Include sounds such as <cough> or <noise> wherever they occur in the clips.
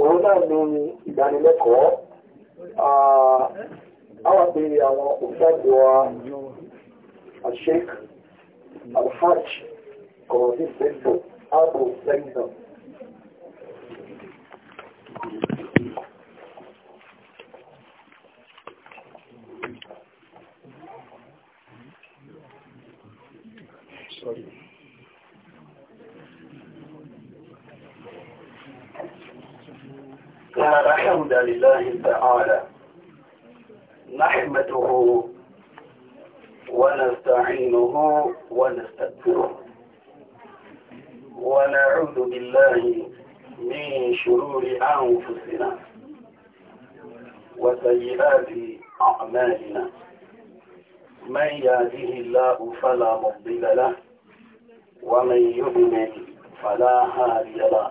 òun náà ni ìdánilẹ́kọ̀ọ́ àwọn àpèrè àwọn òṣàdùwà àṣẹ́kù alhaj kọ̀ọ̀dí sẹ́ńtọ̀ ààbò sẹ́ńtọ̀ إن الحمد لله تعالى نحمده ونستعينه ونستغفره ونعوذ بالله من شرور أنفسنا وسيئات أعمالنا من يهده الله فلا مضل له ومن يضلل فلا هادي له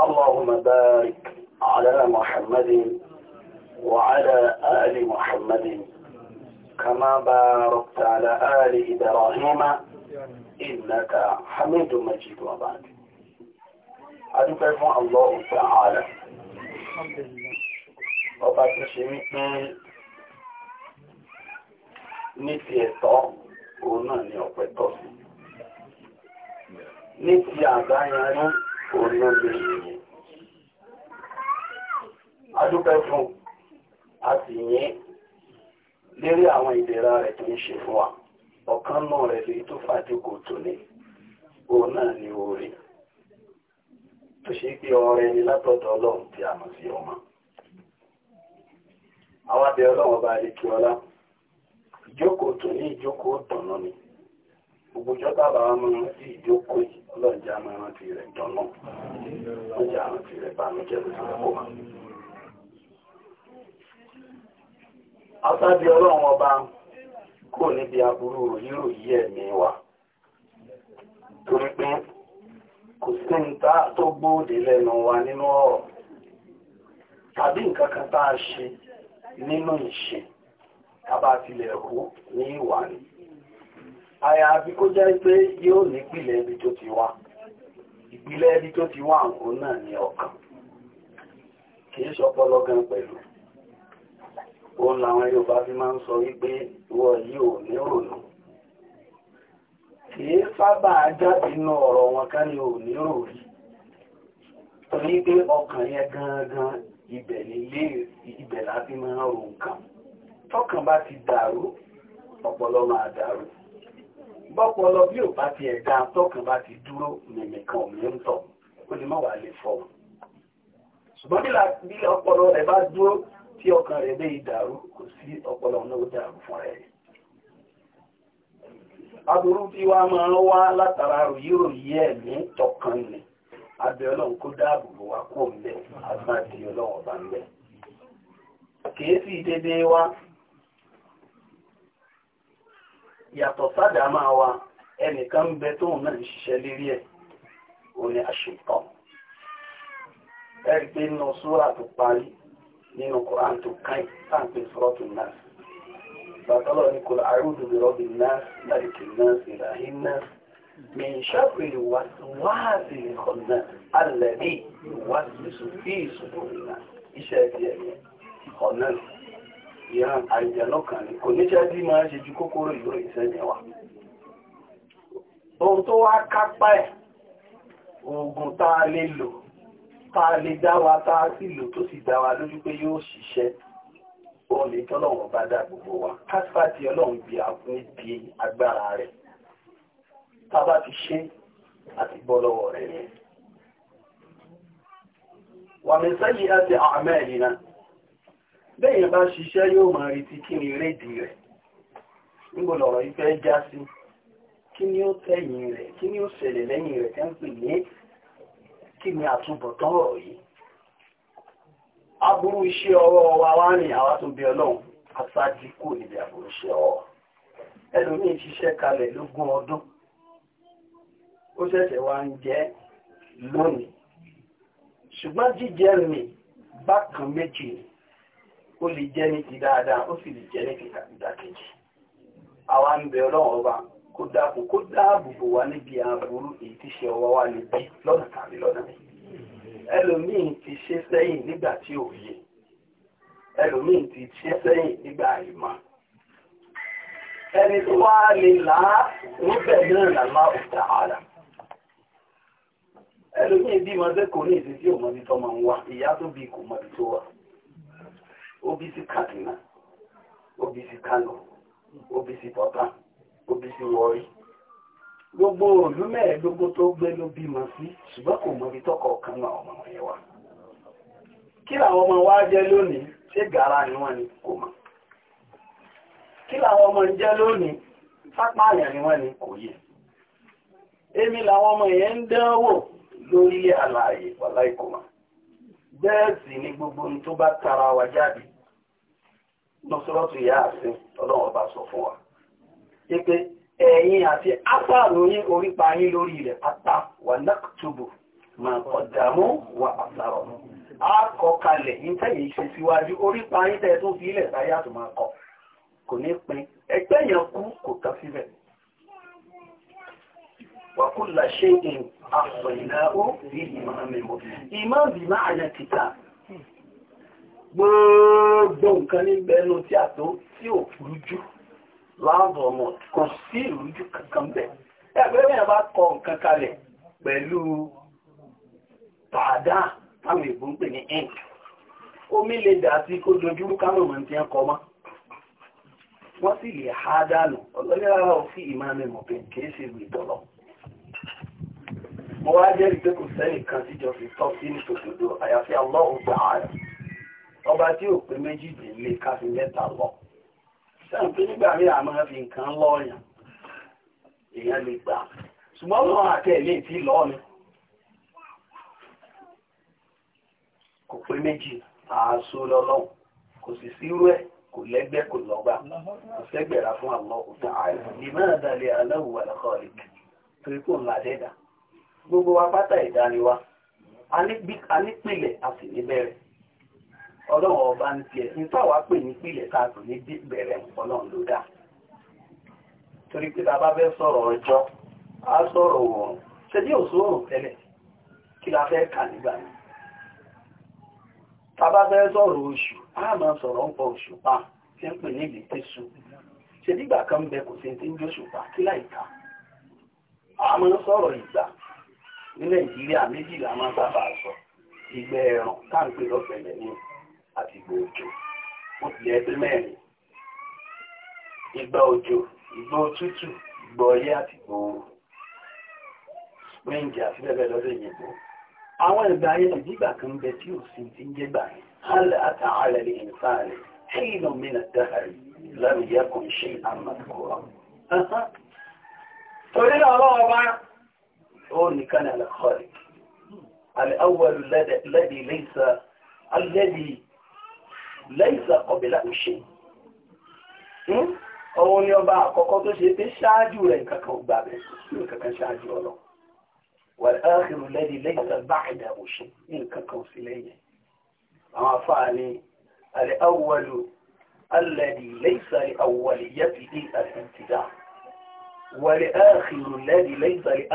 اللهم بارك على محمد وعلى آل محمد كما باركت على آل إبراهيم إنك حميد مجيد وبعد أدوك فون الله تعالى ọba وبعد wípé ní ti ẹ̀tọ́ òun náà ni ọ̀pẹ̀ tọ́ sí ní ti eto oun naa orí omi adúpẹ́ fún a sì yín lérí àwọn ìdẹ̀ra rẹ̀ tó ń ṣe fún wa ọ̀kan náà rẹ̀ lè tó fàdíkò tó ní òun náà ni orí tó ṣe pé ọrẹ ni látọ̀dọ̀ ọlọ́run tí a mọ̀ sí ọmọ àwọn abẹ ọlọ́run bá lè kí ọlá ìjókòó tó ní ìjókòó ni. gbogbo jọba bàbá sí ìjókòó lọ́jà máa rántí rẹ̀ dọ́nà lọ́jà rántí rẹ̀ bànújẹ́ lójú ẹ̀kọ́ wa. Asábí ọlọ́run ọba kò níbi aburú rírò yí ẹ̀mí wa. Torí pé kò sí nínú ọ̀rọ̀. Tàbí nǹkan kan tá a ṣe nínú ìṣe, ni. Aya kó jẹ́ pé yóò nípìlẹ̀ tó ti wá ìpìlẹ̀ ibi tó ti wá òun náà ní ọkàn kì í ṣọpọlọ gan pẹ̀lú òun làwọn Yorùbá fi máa ń sọ wípé wọ́n yìí ò ní rònú kì í sábà jáde inú ọ̀rọ̀ wọn ká ní ò ní ròrí torí pé ọkàn yẹn gangan ibẹ̀ nílé ibẹ̀ láti máa ń ro nǹkan tọkàn ti dàrú ọpọlọ máa dàrú bọ́pọ̀lọ bí ò bá ti ẹ̀dá tọ́kàn bá ti dúró mẹ̀mẹ̀kan òmìnir ó lè má wà lè fọ́ ṣùgbọ́n bí ọpọlọ rẹ̀ bá dúró tí ọkàn rẹ̀ bẹ́ ìdàrú kò sí ọpọlọ náà dàrú fún rẹ̀ tí máa ń wá látara ẹ̀mí tọkàn ni abẹ kó dáàbò bò wá kó ń ọba ń kèé sì dédé yàtọ̀ sádà máa wa ẹnìkan ń bẹ tóun náà ń ṣiṣẹ́ lérí ẹ̀ ò ní àṣetọ̀ ẹ̀rí pé nínú súrà tó parí nínú koran tó káì táǹpé sọ́ọ̀tù náà bàtọ́lọ̀ ní kò àrùdù rọ́bì náà láìkì náà sì ráhí náà من شر الوسواس الخناس الذي يوسوس في صدور الناس إشاكي خناس ìran àìjà lọ́kàn ní kò níṣẹ́ bí máa ṣe ju kókóró ìlú ìsẹ́yìn wa ohun tó wá kápá ẹ̀ oògùn tá a lè lò tá a lè dá wa tá a sì lò tó sì dá wa lójú pé yóò ṣiṣẹ́ òun lè tọ́lọ́wọ́n bá dá gbogbo wa káṣífà tí ọlọ́run bí níbi agbára rẹ̀ tá a bá ti ṣe àti bọ́ lọ́wọ́ rẹ̀ yẹn wàmí àti àmẹ́ ìlú náà bẹ́yìn bá ṣiṣẹ́ yóò máa retí kí ni rédìí rẹ̀ níbo lọ̀rọ̀ yìí já kí ni ó tẹ̀yìn rẹ̀ kí ni ó ṣẹlẹ̀ lẹ́yìn rẹ̀ tẹ́ ní kí ni àtúbọ̀tán ọ̀rọ̀ yìí aburú iṣẹ́ ọwọ́ wa wá àwa tó bí ọlọ́run aṣáájú níbi aburú iṣẹ́ ọwọ́ ẹlòmíì ṣiṣẹ́ kalẹ̀ lógún ọdún ó ṣẹ̀ṣẹ̀ wá ń lónìí ṣùgbọ́n ó lè jẹ́ ní ti dáadáa ó sì lè jẹ́ ní ìdàkejì àwa ń ọlọ́run ọba kó dáàbò kó dáàbò bò níbi àbúrú èyí tí ṣe ọwọ́ wa lè bí lọ́nà tàbí lọ́nà mi ẹlòmíín ti ṣe sẹ́yìn nígbà tí ò yé ẹlòmíín ti ṣe sẹ́yìn nígbà àìmọ̀ ẹni tó wá lè là á níbẹ̀ náà làmá òkà ara ní ń wá ìyá tó bí kò Obisi Obi Obisi Kano, Obisi Pọta, Obisi Wọrí. Gbogbo òlú mẹ́ẹ̀ẹ́dógún tó gbé ló ma sí, ṣùgbọ́n kò mọ ibi tọkọ kan náà ọmọ yẹn Kí làwọn ọmọ wa jẹ lónìí? Ṣé gàrà ni ni kò mọ̀? Kí làwọn ọmọ ń lónìí? Sápá àyàn gbogbo ohun tara wa jáde nọ́sọ́rọ́tù ìyá àsìn ọlọ́run ọba sọ fún wa pé ẹ̀yìn àti ápàlù yín orípa yín lórí ilẹ̀ pátá wà náktubù mà ọ̀dàmú wà àtàrọ̀ àkọkalẹ̀ ìtẹ̀yìn ṣe síwájú orípa yín tẹ́ tó fi ilẹ̀ táyà tó máa kọ kò ní pin ẹgbẹ́ yẹn kú kò tán síbẹ̀ wà kú làṣẹ́ ìhìn àfẹ̀yìnà ó bí ìmọ̀ àmì mọ̀ ìmọ̀ bí máa yẹ kìtà gbogbo nǹkan níbẹ̀ ẹnu tí a tó tí ò rújú láàbọ̀ ọmọ kò sí ìrújú kankan bẹ́ẹ̀ ẹgbẹ́ mẹ́rin bá kọ nǹkan kalẹ̀ pẹ̀lú pàdá táwọn èbó ń pè ní ink omi lè dà sí kó dojúrú kánò mọ̀ tí ń kọ mọ́ wọ́n sì lè há dànù ọlọ́lẹ́rà òfin ìmáàmì mọ̀pẹ̀ kìí ṣe ìgbìtọ̀lọ́ mo wá jẹ́rìí pé kò sẹ́yìn kan síjọ fi tọ́ sí nítòkòdó àyàfi Allah ta'ala ọba tí ò pé méjìdínlé káfí mẹ́ta lọ sẹ́yìn pé nígbà rí àmọ́ fi nǹkan lọ́ọ̀yàn èèyàn lè gbà ṣùgbọ́n lọ́wọ́ àtẹ̀lé tí lọ́ọ̀ni kò pé méjì àásó lọ́lọ́hùn kò sì sírú ẹ̀ kò lẹ́gbẹ́ kò lọ́gbà kò sẹ́gbẹ̀rà fún àwọn òtún àìsàn ìmọ̀ àdàlẹ̀ aláwọ̀ àlọ́kọ̀ọ́lẹ̀ torí kò ń la dẹ́dà gbogbo wa pátá ìdániwá a nípìnlẹ̀ a sì níbẹ̀rẹ̀ ọlọ́wọ́ ọba ń tiẹ̀ nítawà pè ní pìlẹ̀ ká pè ní bẹ̀rẹ̀ ọlọ́run ló dá torí pé a bá fẹ́ sọ̀rọ̀ ọjọ́ a sọ̀rọ̀ òòrùn ṣe bí tẹ́lẹ̀ kí la fẹ́ kà nígbà yìí Ta a bá fẹ́ sọ̀rọ̀ oṣù a máa sọ̀rọ̀ ń pọ̀ ń pè ní ìlú tẹ́sù kan bẹ kò sí ti ń kí a máa sọ̀rọ̀ ìgbà ní Nàìjíríà méjìlá máa sábà sọ ìgbẹ́ lọ́fẹ̀ẹ́ àti ìgbà òjò ó ti yẹ pé mẹ́rin ìgbà òjò ìgbà òtútù ìgbà ọyẹ́ àti ìgbà ooru spring àti bẹ́ẹ̀ bẹ́ẹ̀ lọ́dọ̀ ìyìnbó àwọn ìgbà ayé ìdígbà kan bẹ tí ò sí ti ń jẹ́ gbà hálẹ̀ àtàhálẹ̀ lè ń sáré حين من الدهر لم يكن شيئا مذكورا torí ọ̀rọ̀ ọba ó nìkan ní alẹ́kọ̀ọ́lẹ̀ alẹ́ awọ́lù lẹ́dí lẹ́sà alẹ́dí lẹ́yìn ìsàkọ́bílà òṣè òun ni ọba àkọ́kọ́ tó ṣe pé ṣáájú rẹ̀ kankan ò gbà bẹ̀ ní kankan ṣáájú ọlọ́ wàlẹ́kìrù lẹ́dí lẹ́yìn ìsàbáàdà òṣè ní kankan ò sí lẹ́yìn àwọn afáàní àlẹ́ awọ́lu alẹ́dí lẹ́yìn ìsàlẹ̀ yẹ́tì ní àtìntìdá wàlẹ́kìrù lẹ́dí lẹ́yìn ìsàlẹ̀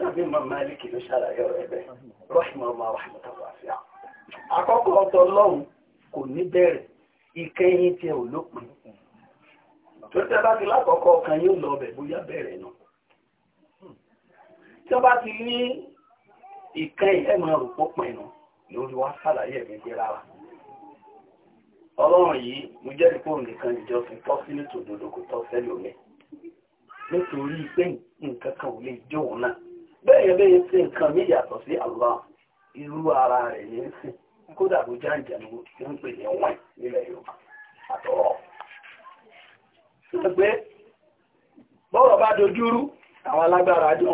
tàbí mọ̀málìkì ló ṣàlàyé rẹ̀ bẹ́ẹ̀ rọ́ṣùmọ̀ ọmọ rọ́ṣùmọ̀ àkọ́kọ́ ọ̀tọ̀ kò ní bẹ̀rẹ̀ ìkẹyìn tiẹ̀ ò lópin tó tẹ́ bá ti lákọ̀ọ́kọ́ kan yóò lọ ọbẹ̀ bóyá bẹ̀rẹ̀ nù. tí wọ́n bá ti ní ìkẹyìn ẹ̀ máa rò pópin nù lórí wá ṣàlàyé rárá. ọlọ́run yìí mo nítorí pé nǹkan kan ò lè jó bẹ́ẹ̀ bẹ́ẹ̀ sí nǹkan mí yàtọ̀ sí Allah irú ara rẹ̀ ní í sìn kódà bó já ìjànú nwoke ń pè ní wọ́n nílẹ̀ Yorùbá àtọ̀rọ̀. ṣùgbẹ́ bọ́rọ̀ bá dojúrú àwọn alágbára lọ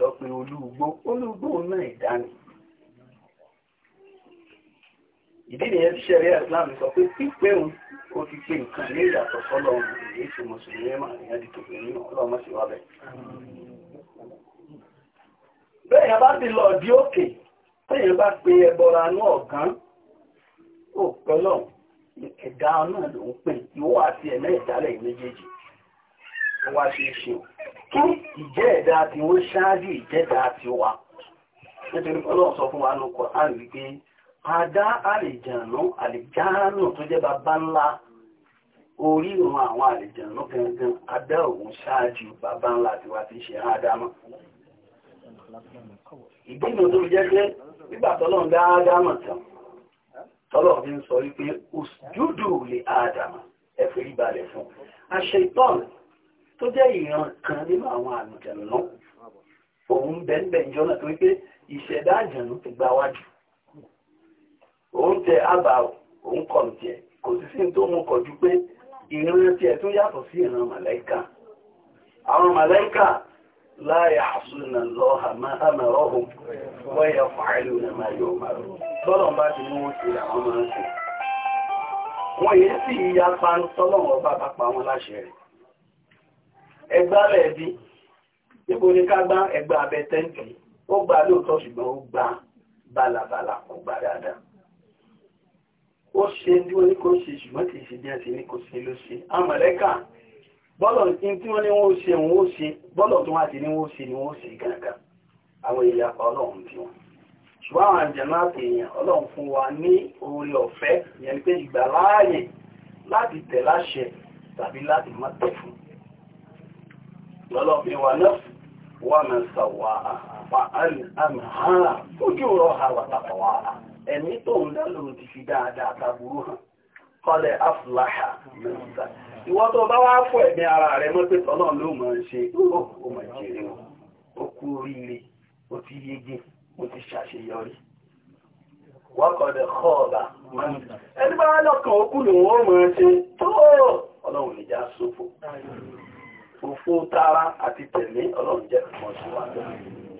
lọ pé olúgbó olúgbó náà ìdí nìyẹn Islam sọ pé pípẹ́ òun ó ti pé nǹkan ní ìyàtọ̀ sọ́lọ́run èyí mùsùlùmí bẹ́ẹ̀ bá ti lọ di òkè bẹ́ẹ̀ bá pe ẹbọra ní ọ̀gán ẹ̀dá náà ló ń pè àti ìdálẹ̀ méjèèjì ó wá ṣe é ṣe kí ìjẹ́ ẹ̀dá tí wọ́n ṣáájú tí wà nítorí sọ fún wa àlèjànú tó jẹ́ bàbá ńlá orí àwọn àlèjànú gangan òun ṣáájú bàbá ńlá ti ṣe ìdínà tó jẹ́ pé nígbà tọ́lọ̀ ń dá ádámà tán tọ́lọ̀ fi ń sọ wípé òjúdù lè ádámà ẹ forí balẹ̀ fún aṣẹ ìtọ́n tó jẹ́ ìran kan nínú àwọn àlùjànnú náà òun bẹ́ẹ̀ jọ́nà tó wípé ìṣẹ̀dá àjànú ti gba wájú òun tẹ àbà òun kọ̀ ní tiẹ̀ kò sí sí tó mú kọjú pé ìran tiẹ̀ tún yàtọ̀ sí ìran màláìka àwọn màláìka لا يعصون الله ما أمرهم ويفعلون ما يؤمرون tọ́lọ̀n bá ti ní wọ́n ṣe àwọn máa ṣe wọ́n yìí sí ìyá pa tọ́lọ̀n ọba bá pa wọn láṣẹ rẹ̀ ẹgbálẹ̀ ẹbí níbo ni ká gbá ẹgbà abẹ tẹ́ǹtì ó gbà lóòótọ́ ṣùgbọ́n ó gbà bálabàlà kò gbà dáadáa ó ṣe bí wọ́n ní kó ṣe ṣùgbọ́n kì í ṣe bí wọ́n ti ní kó ṣe ló ṣe àmọ̀lẹ́kà bọ́lọ̀ tí wọ́n ní wọ́n ṣe wọ́n ṣe bọ́lọ̀ tó wá ti ní wọ́n ṣe ni wọ́n ṣe gàgà àwọn ilẹ̀ ọlọ́run bí wọn ṣùgbọ́n àwọn àjẹ̀nà àtẹ̀yìn ọlọ́run fún wa ní oore ọ̀fẹ́ yẹn pé ìgbà láàyè láti tẹ̀ láṣẹ tàbí láti má tẹ̀ fún lọ́lọ́bí wa náà wà mí sàwà àmì hàn fojú rọ̀ ha wà tàbà wà ẹ̀mí tó ń dá lóhun ti fi dáadáa taburú hàn kọlẹ̀ afúláhà mẹ́ta ìwọ́n tó bá wá fọ́ ẹ̀mí ara rẹ̀ mọ́ pé tọ́nà ló mọ̀ ń ṣe ó mọ̀ jèrè o ó kú oríire ó ti yege ó ti ṣàṣeyọrí wọ́n kọ́ọ̀bà ẹni bá lọ́kàn ó kú ṣe ọlọ́run tara àti tẹ̀lé ọlọ́run jẹ́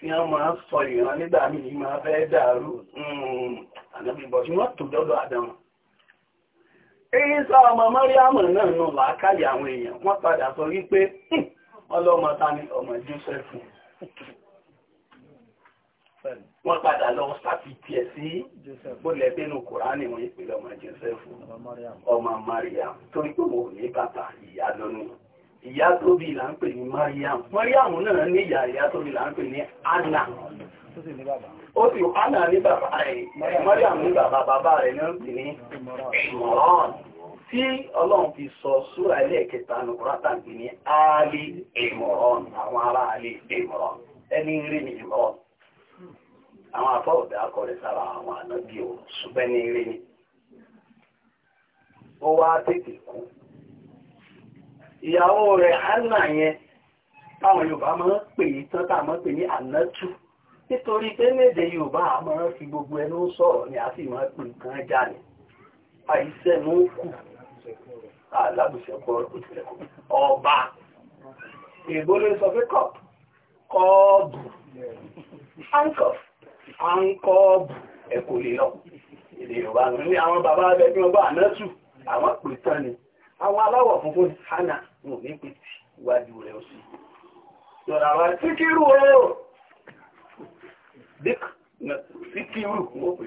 tí wọ́n máa sọ ìran nígbà míì máa fẹ́ dàrú hmm. ànábìbọ̀ tí wọ́n tò dọ́dọ̀ àdáwọn. èyí sọ ọmọ mọ́ríàmù náà nù làákàyè àwọn èèyàn wọ́n padà sọ wípé hmm, wọ́n lọ́mọ ta ni ọmọ Jósẹ́fù wọ́n padà lọ sáfi tiẹ̀ sí bólẹ̀ nínú kùránì wọn ìpìlẹ̀ ọmọ Jósẹ́fù ọmọ Mariam torí pé mo ní bàbá ìyá lónìí. ìyá tó bí là ń pè ní mariam mariam náà ní ìyà ìyá tó là ń pè ní anna ó sì anna ní bàbá rẹ̀ mariam ní bàbá bàbá rẹ̀ náà pè ní tí ọlọ́run fi sọ súra ẹlẹ́ẹ̀kẹta nùkúrátà pè ní àwọn ará ẹni rí ni àwọn afọ́ ìyàwó rẹ̀ hánà yẹn táwọn yorùbá máa ń pè tán máa ń pè ní ànátù nítorí pé léde yorùbá a máa fi gbogbo ẹnu sọ̀rọ̀ ni a sì máa pè nǹkan já ni àìsẹ́nu kù ah, ọba èèbó ló sọ pé kọ́ọ̀bù ẹ̀kọ́ ní àwọn bàbá abẹ́gbẹ́ ànátù àwọn àwọn aláwọ̀ funfun hànà ní òní pè tí iwájú rẹ̀ ó sì yọ̀rọ̀ àwọn síkírù o síkírù mo pè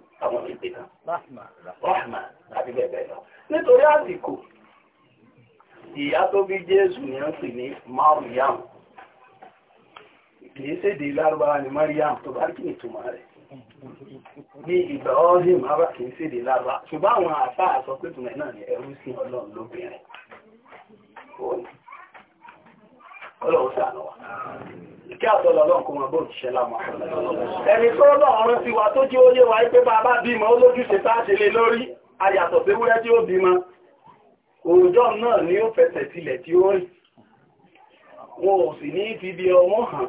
àwọn ìpìnà rọ́hmà àti bẹ́ẹ̀ bẹ́ẹ̀ lọ nítorí àsìkò ìyá tó bí jésù ni ó sì ní mariam kìí séde lárúbáwá ni mariam tó bá kí ìtumọ̀ rẹ̀ ní ìgbà ọ́hìn mara kìí séde lárúbáwá ṣùgbọ́n àwọn àfáà sọ pé tùmẹ̀ náà ni ẹrú sí ọlọ́run lóbìnrin ọlọ́run sàánà wa kí àtọ́lọ ọlọ́run kó wọn bó ṣiṣẹ́ lámọ́ ẹni tó lọ́run sí wa tó jí ó yé wa pé bàbá bímọ ó lójúṣe táṣe lé lórí ayàtọ̀ pé wúrẹ́ tí ó bímọ òòjọ́ náà ni ó fẹsẹ̀ tilẹ̀ tí ó rìn wọn ò sì ní fi bí ọmọ hàn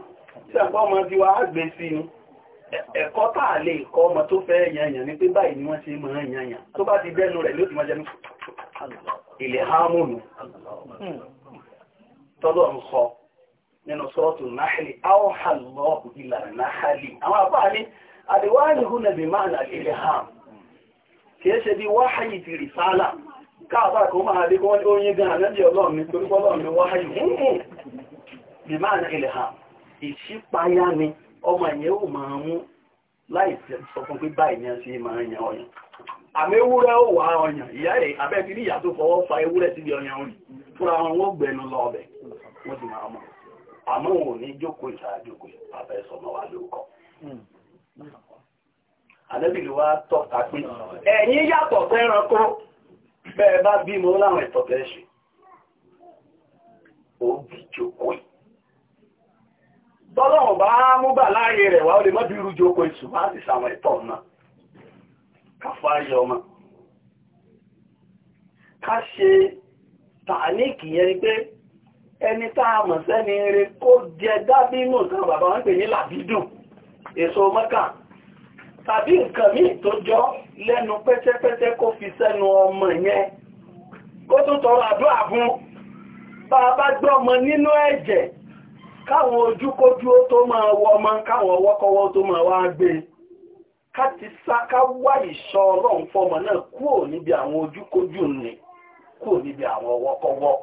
tí àpá ọmọ ti wá gbé sí ni ẹ̀kọ́ táà lè kọ́ ọmọ tó fẹ́ yànyàn ní pé báyìí ni wọ́n ṣe mọ̀ yànyàn tó bá nínú sọ́ọ̀tù náhìlì áwọ̀hàlọ́ọ̀kù ìlà náhìlì àwọn àbáà ní àdíwáàlì hù máa nà ilẹ̀ ham kìí ṣe bí wáhàyì ti rì sálà káàbà kó máa rí kọ́ ní gan ànábì ọlọ́run ní torí ọlọ́run wáhàyì hùn mú àmọ́ òun ní jókòó ìṣáájókòó àfẹ́ sọmọ wa lórúkọ. Hmm. àlẹ́bìlú wa tọ́ta pé ẹ̀yin yàtọ̀ fẹ́ranko bẹ́ẹ̀ bá bímọ láwọn ẹ̀tọ́ tẹ́ ṣe ó bí jókòó bá mú bà láàyè rẹ̀ wá ó lè mọ́ bí irú jókòó ìṣù bá ti sàwọn ẹ̀tọ́ náà káfọ́ ayé ọmọ ká ṣe ẹni táa mọ̀ sẹ́ni eré kó jẹ dábínú tán bàbá wọn pè ní làbídùn èso mọ́kà tàbí nǹkan míì tó jọ lẹ́nu pẹ́tẹ́pẹ́tẹ́ kó fi sẹ́nu ọmọ yẹn kó tún tọrọ àdúrà fún bá a bá gbọ́ ọmọ nínú ẹ̀jẹ̀ káwọn ojúkójú ó tó máa wọ ọmọ káwọn ọwọ́kọwọ́ tó máa wá gbé ká ti wá ìṣọ́ ọlọ́run fọmọ náà kúrò níbi àwọn ojúkójú ni kúrò níbi àwọn ọwọ́kọwọ́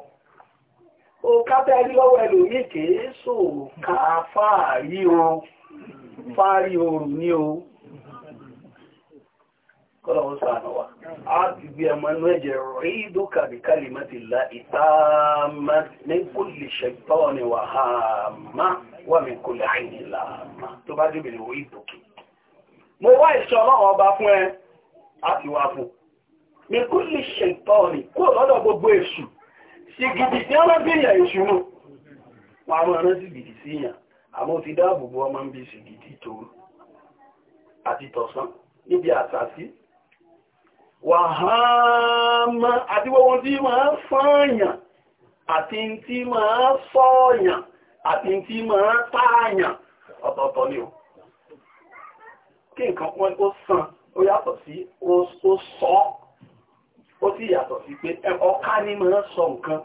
òkà tẹ́rí lọ́wọ́ ẹlòmíì kìí sòkà fàárí o fàárí oòrùn ní o kọ́lọ̀wọ́ sàánà wa a ti gbé ẹmọ inú ẹ̀jẹ̀ rí dókà bí kálìmọ́ ti la ìtààmà ní kò lè ṣẹ̀tọ́ ni wà á má wà mí kò lè àìní làmà tó bá débìrì wọ ìdókè mo wá ìṣọ́ ọlọ́run ọba fún ẹ a ti wá fún mi kò lè ṣẹ̀tọ́ ni kó lọ́dọ̀ gbogbo èṣù ìgìdì tí wọ́n bí ìyà ìṣúná wọn a máa rántí gìdì sí ìyàn àmọ́ ti dáàbòbò ọmọ ń bí ìṣìgìdì tó àti tọ̀sán níbi àtàsí wàhámà àti wọ́n tí máa fọ́ọ̀yàn àti tí máa fọ́ọ̀yàn àti tí máa tààyàn ọ̀tọ̀ọ̀tọ̀ ni o kí nǹkan wọ́n ó sàn ó yàtọ̀ sí ó sọ́ ó sì yàtọ̀ sí pé ọká ní mọ́ sọ nǹkan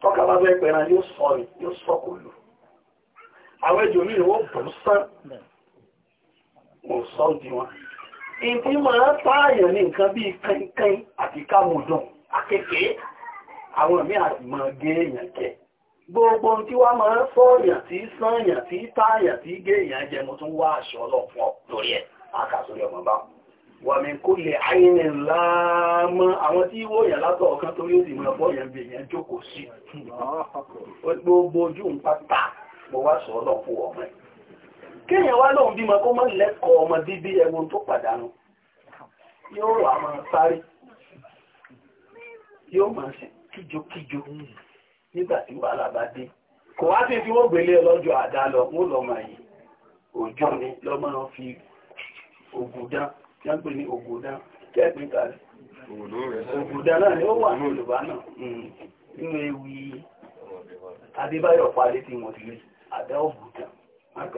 tọ́ka bá bẹ́ pẹ̀ran yóò sọ ni yóò sọ kò lù àwọn ẹjọ́ mi ìwọ́ bọ̀ sán mo sọ di wọn ìdí máa pààyàn ní nǹkan bíi kankan àti kámúdùn akékèé àwọn míì àti máa gé èèyàn jẹ gbogbo tí wá máa fọ́ọ̀yàn tí sànyàn tí táyàn tí gé èèyàn jẹ mo tún wá aṣọ ọlọ́pọ̀ lórí ẹ̀ àkàsórí ọmọ báwọn wàmí kó lè àyìn láàmọ́ àwọn tí wó yà látọ̀ ọ̀kan tó yóò sì mọ́ ọ̀pọ̀ yẹn bí èyàn jókòó sí gbogbo ojú ń pátá mo wá sọ ọlọ́pù ọmọ ẹ̀ kéèyàn wá lóun bímọ kó mọ́ lẹ́kọ̀ọ́ ọmọ bíbí ẹwọ tó pàdánù yóò wà máa sáré yóò máa ṣe kíjokíjo nígbà tí wàhálà bá dé kò wá sí tí wọ́n gbélé lọ́jọ́ àdá lọ wọ́n lọ́mọ yìí òjò ni lọ́mọ fi ògùn dán tí wọ́n pè ní ògùdá kẹ́ẹ̀pín kàrí ògùdá náà ni ó wà ní olùbá náà nínú ewì adébáyọ̀ palẹ́ tí wọ́n ti rí àdá ògùdá ah,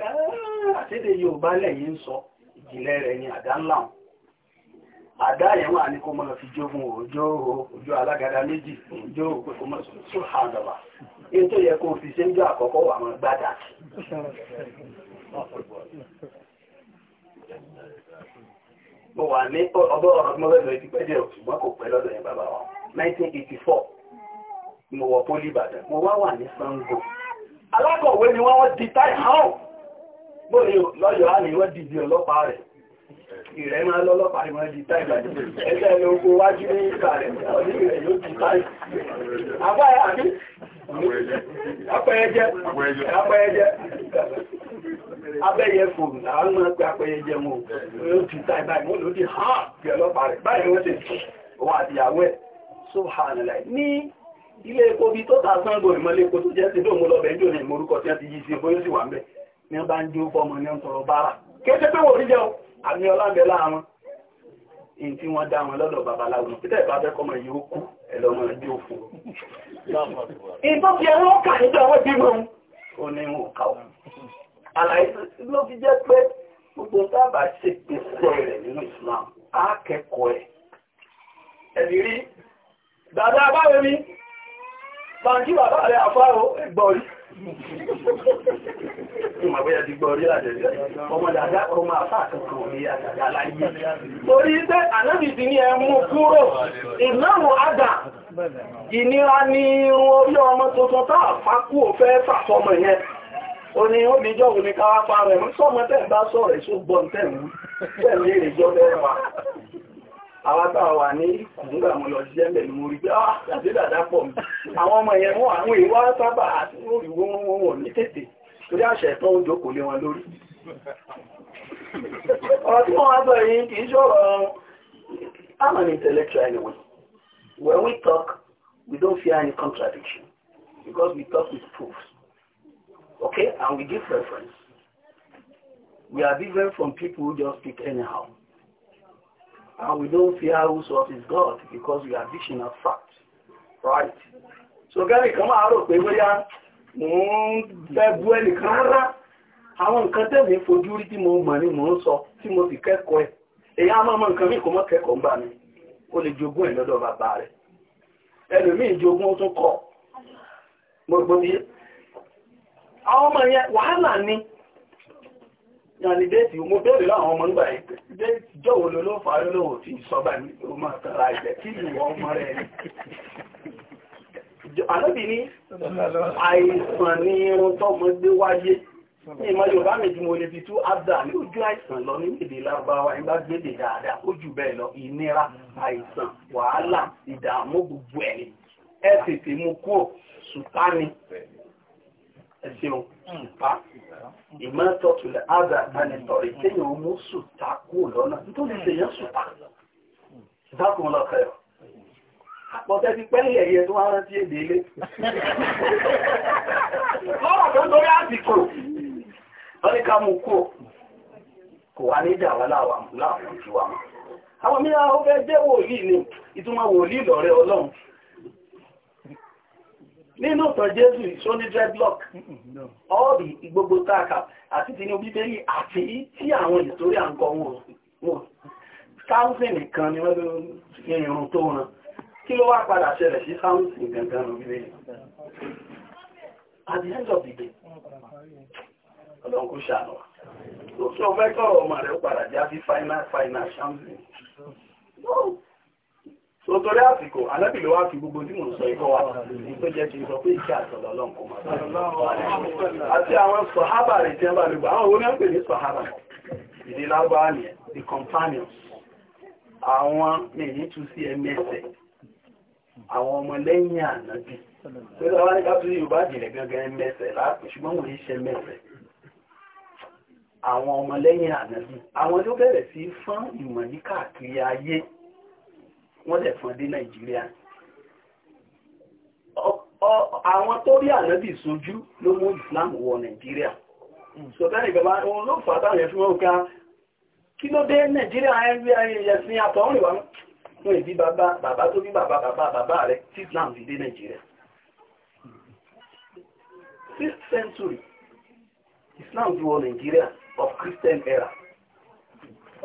àtẹ́dẹ̀ yorùbá lẹ́yìn sọ ìjìnlẹ̀ rẹ̀ ni àdá ńlá àdá yẹn wà ní kó mọ́ fi jó òjò òjò alágada méjì òjò òpè kó mọ́ èyí tó yẹ kó fi ṣe mo wà ní ọdún ọ̀rọ̀ tí mo fẹ́ lọ ti pẹ́ díẹ̀ ṣùgbọ́n kò pẹ́ lọ́dọ̀ yẹn bàbá wa 1984 mo wọ pólí ìbàdàn mo wá wà ní Ṣàngó alákọ̀wé ni wọ́n wọ́n di táì hàn bó ni lọ́yọ̀ á ní wọ́n dìde ọlọ́pàá rẹ̀ ìrẹ́ máa lọ́lọ́pàá ni wọ́n di táì bàjẹ́ ẹgbẹ́ ẹni oko wájú ní ìgbà rẹ̀ ọdún rẹ̀ yóò di táì àbáyà àbí apẹ́ẹ̀jẹ́ apẹ́ẹ̀jẹ́ abẹ́yẹ fún àwọn ọmọ pé apẹ́yẹ jẹ mọ́ ó ti táì báyìí mọ́ ló ti hàn bí ọlọ́pàá rẹ̀ báyìí ó ti wà àdìyàwó ẹ̀ so hàn láì ní ilé epo bí tó ta sáńgò ìmọ̀lẹ́ epo tó jẹ́ sí lóòmú lọ́bẹ̀ jò ní ìmọ̀rúkọ tí wọ́n ti yí sí epo yóò sì wà ń ní wọ́n ń jó fọmọ ní ń bára kéṣe pé o àmì ọlábẹ̀ láàrún tí wọ́n dá wọn lọ́dọ̀ babaláwo kọ́mọ yìí ó kú fún un. ìbọn fi àlàyé ló fi jẹ́ pé gbogbo dábàá ṣe gbèsè rẹ̀ nínú Islam á kẹ́kọ̀ọ́ ẹ̀ ẹ̀rí rí dàdá báwo ni bàǹkì bàbá rẹ̀ àfárò ẹ̀gbọ́n rí ìmọ̀ bóyá ti gbọ́ orí àdẹ̀rẹ̀ ọmọ dàdá ọmọ àfáà kankan orí àdàdà láyé torí pé ànábì ti ní ẹmú kúrò ìnáwó àdà ìnira ni irun orí ọmọ tuntun tá àfákù ò fẹ́ fàfọmọ yẹn ó ní ó ní jọ́wọ́ ní káwápá rẹ̀ mú sọ́mọ́ tẹ́ bá sọ̀rọ̀ èso gbọ́n tẹ̀mú tẹ̀lé ìrìnjọ́ bẹ́ẹ̀ wà àwátà wà ní ìgbà mọ̀ lọ jíjẹ́ mẹ́lú mú rí pé á àti dàdá pọ̀ mí àwọn ọmọ yẹn wọ́n àwọn ìwá sábà àti lórí wọ́n wọ́n ní tètè torí àṣẹ tó ń jókòó lé wọn lórí ọ̀rọ̀ tí wọ́n wá sọ yìí kì í ṣọ̀rọ̀ I'm an intellectual anyway when we talk we don't fear any contradiction because we talk with proofs Okay, and we give preference. We are different from people who just speak anyhow. And we don't fear who source is God because we are of fact. Right? So gẹ́rì kan máa rò pé bóyá mò ń bẹ́bú ẹnìkan rárá. Àwọn nǹkan tẹ́lẹ̀ fojú rí tí mo mọ̀ ni mò ń sọ tí mo sì kẹ́kọ̀ọ́ ẹ̀. Èyí á máa mọ nǹkan míì kò mọ́ kẹ́kọ̀ọ́ ń bà mí. O lè jogún ẹ̀ lọ́dọ̀ bàbá rẹ̀. Ẹlòmíì jogún ó tún kọ̀. Mo gbọ́ àwọn ọmọ yẹn wàhálà ni yàní déètì mo béèrè láwọn ọmọ nígbà yìí déètì jọ́wọ́ ló ló fà á lówó tí ìsọba ní o máa tara ìbẹ̀ kí ìwọ ọmọ rẹ̀ ni àlóbi ní àìsàn ní irun tọ́mọ gbé wáyé ní ìmọ̀ Yorùbá méjì mo lè fi tú abdá ní ojú àìsàn lọ ní èdè Lárúbáwá ìgbà gbédè dáadáa ó jù bẹ́ẹ̀ lọ ìnira àìsàn wàhálà ìdààmú gbogbo ẹ̀ ẹ̀ tètè mú kúrò sùtá ni ẹ̀sìnwó nǹpa ìmọ̀tọ́tulẹ̀ ádà ànìtọ̀rì téèyàn ó sùtà kú lọ́nà nítorí téèyàn sùtà dákun lọ Àpọ̀tẹ́ ti pẹ́ ilẹ̀ yẹ tó wá rántí èdè ilé. Lọ́rọ̀ tó ń torí àsìkò, wọ́n ní ká mú kú wá ní ìjà láwọn wà mọ́. Àwọn mìíràn ó fẹ́ wòlíì ni, ìtumọ̀ wòlíì nínú ìtàn jésù ìṣó ní dreadlock ọ́ọ̀bì gbogbo táàkà àti tinú bíbélì àti tí àwọn ìtorí à ń kọ wọn sáúnsìn nìkan ni wọ́n fi irun tó ràn kí ló wá padà ṣẹlẹ̀ sí sáúnsìn gangan ní bíbélì at the end of the day ọlọ́run kò ṣàánú wa ó sọ fẹ́ kọ́ ọmọ rẹ̀ padà já final final sáúnsìn tó torí àsìkò anábì ló wá fi gbogbo tí mò ń sọ ikọ́ wa tó jẹ́ kí n sọ pé iṣẹ́ àtọ̀dọ̀ ọlọ́run kò máa àti àwọn sọ̀hábà rẹ̀ tí wọ́n bá lè gbà àwọn oní ọ̀pẹ̀ ní sọ̀hábà ìdí lágbára ni the companions àwọn mìíràn tún sí ẹni ẹsẹ̀ àwọn ọmọ lẹ́yìn ànábì tó dáwà ní káàtó yorùbá jìnlẹ̀ gangan ẹni ẹsẹ̀ láàpù ṣùgbọ́n wọ́n yìí ṣe mẹ́sẹ̀ àwọn ọmọ lẹ́yìn ànábì àwọn tó bẹ̀rẹ̀ sí fún wọ́n lè fún dé nàìjíríà àwọn tó rí ànábì sójú ló mú islam wọ nàìjíríà hmm. sọ̀tẹ́nì bàbá òun ló fà táwọn ẹ̀fún wọn ká kí ló dé nàìjíríà ẹ̀sìn àtọ̀húnrìn wa fún ìbí bàbá tó bí bàbá bàbá bàbá rẹ̀ tí islam fi dé nàìjíríà 6th century islam fi wọ nàìjíríà of christian era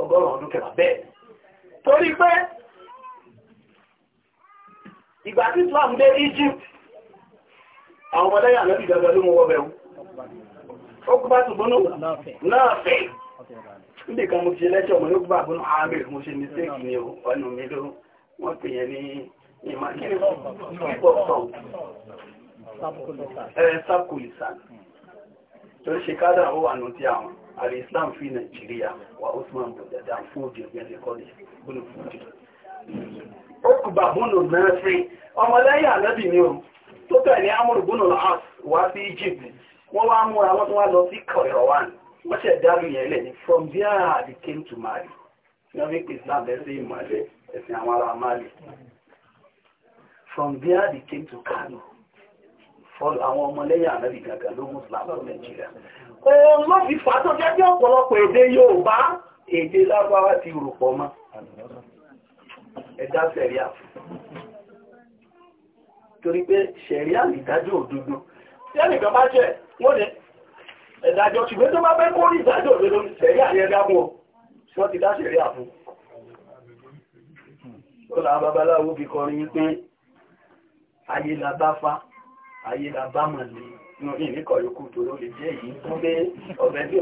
ọgọ́rùn-ún ọdún kẹfà bẹ́ẹ̀ torí pé ìgbà tí Islam dé Egypt àwọn ọmọdé yà lọ́bí ìjọba ló mú wọ́bẹ̀ ọkùnbá náà fẹ́ níbi kan mo ní mo ṣe ọ̀nà mi ló wọ́n pè yẹn ní ìmọ̀ kí ni pípọ̀ tó ṣe kádà ó wà àwọn àrí Islam fi Nàìjíríà wà fún fún ó kù bàbúnù mẹ́rin ọmọlẹ́yìn ànábì ni o tó tẹ̀lé amúrùbúnù as wá sí Egypt wọ́n wá múra wọ́n tún wá lọ sí kọ̀yọ̀wán wọ́n ṣẹ̀ dárú yẹn lẹ̀ from there they came to Mali Islam lẹ́sẹ̀ ẹ̀sìn àwọn ará Mali from there they came to Kano àwọn ọmọlẹ́yìn gàgà ló mú Islam lọ Nàìjíríà fi ọ̀pọ̀lọpọ̀ èdè ẹ̀dá sẹ̀ríà torí pé sẹ̀ríà ìdájọ́ òdodo tí ẹnìkan bá jẹ́ wọ́n ní ẹ̀dájọ́ ṣùgbọ́n tó bá fẹ́ kó rí ìdájọ́ sẹ̀ríà yẹn dá ti dá sẹ̀ríà fún ó babaláwo fi kọrin pé ayé la bá fa ayé la bá mọ̀ ní inú ìníkọ̀ tó jẹ́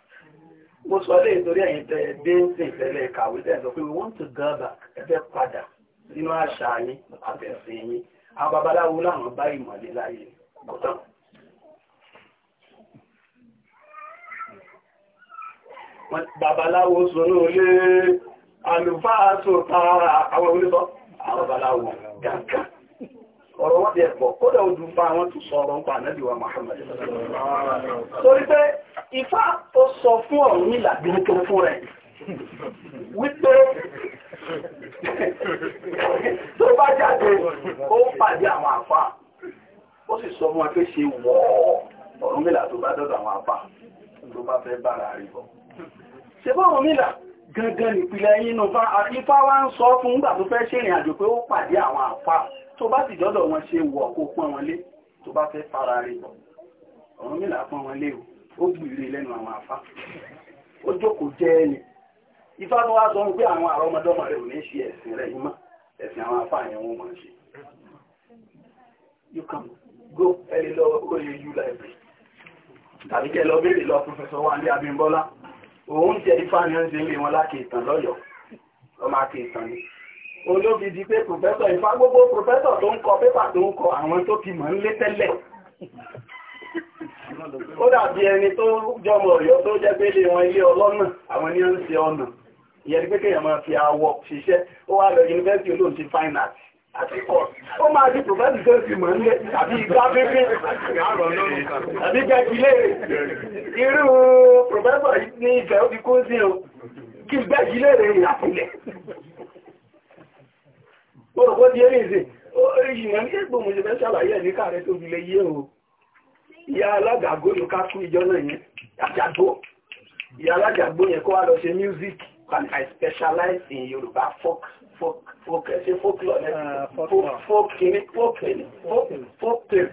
mo sọ lé ìtorí ẹ̀yin tẹ dé ń sìn ìkàwé tẹ́ sọ pé we want to go back ẹ padà nínú àṣà yín àtẹ̀sìn yín àwọn babaláwo láwọn bá ìmọ̀lẹ́ láyé babaláwo àlùfáà àwọn olùsọ àwọn babaláwo ọ̀rọ̀ wọ́n dẹ̀ pọ̀ kódà ó dùn bá àwọn tó sọ ọ̀rọ̀ ń pa ànábì wa Muhammad torí pé Ifá tó sọ fún ọ̀run ní làbínkẹ́ fún rẹ̀ wípé tó bá jáde ó pàdé àwọn àfà ó sì sọ fún wa pé ṣe wọ́ ọ̀run mílà tó bá dọ́dọ̀ àwọn àfà tó bá fẹ́ bára rí bọ̀ ṣe bọ́ọ̀run mílà gangan ìpìlẹ̀ yínú Ifá wa ń sọ fún nígbà tó fẹ́ ṣèrìn àjò pé ó pàdé àwọn àfà tó bá ti dọ́dọ̀ wọn ṣe wọ̀ kó pọ́n wọn lé tó bá fẹ́ fara rẹ̀ ọ̀run mìlá pọ́n wọn lé o ó gbìrì lẹ́nu àwọn afá ó jókòó jẹ́ ẹni ifá tó wá sọ pé àwọn àrọ́mọdọ́mọ rẹ̀ ò ní ṣe ẹ̀sìn rẹ̀ yín mọ́ ẹ̀sìn àwọn afá yẹn wọ́n máa ṣe you can go ẹni lọ OAU library tàbí kẹ́ lọ béèrè lọ Professor Wálé Abímbọ́lá òun jẹ́ ifá ni ó ń ṣe ń lé wọn lákè ìtàn lọ́yọ̀ọ́ ọmọ akè ìtàn olóbi di pé pòfẹ́sọ̀ ìfá gbogbo pòfẹ́sọ̀ tó ń kọ pépà tó ń kọ àwọn tó ti mọ̀ ń lé tẹ́lẹ̀ ó dàbí ẹni tó jọmọ ọ̀yọ́ tó jẹ́ pé lè wọn ilé ọlọ́nà àwọn ní ń ṣe ọ̀nà ìyẹn pé kéèyàn máa fi awọ ṣiṣẹ́ ó wá lọ yunifásitì olóhùn ti fine art àti kọ́ ó máa di pòfẹ́sọ̀ tó ti mọ̀ ń lé tàbí ìgbà pépé tàbí gẹ́gilé irú pòfẹ́sọ̀ ní ìfẹ́ ó ti kó sí o kí gbẹ́gilé rẹ̀ yàtìlẹ̀ tó di eré ìsìn ẹgbò mo ṣe fẹ́ ṣàlàyé ẹ̀ tó fi yé o ìyá alágàgbó ló ká kú ìjọ náà yẹn àjàgbó ìyá alágàgbó yẹn kó wá lọ ṣe music and I specialize in Yorùbá folk folk folk ṣe folklore ah, folk kìíní folk kìíní folk tales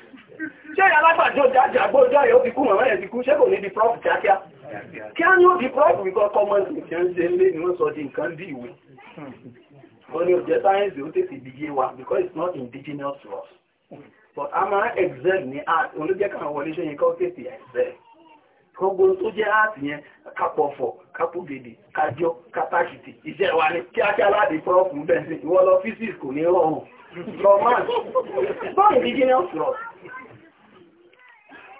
ṣé ìyá alágbàjọ jàgbó ọjọ́ yóò fi kú màmá yẹn ti kú ṣé kò ní di prof kíákíá kí á ní ó di prof because common sense ṣe ń lé ni wọ́n sọ di nǹkan bí ìwé Only ní òjẹ́ sáyẹ́nsì ó tètè di yé wa because it's not indigenous to us but a máa excel ní art olójẹ́ kan wọlé ṣẹ́yìn kọ́ tètè excel gbogbo tó jẹ́ art yẹn kápọ̀fọ̀ kápọ̀gèdè kájọ́ kátákìtì iṣẹ́ wa ní kíákíá láti prof ń bẹ̀rẹ̀ sí ìwọ lọ physics kò ní rọrùn lọ man not indigenous to us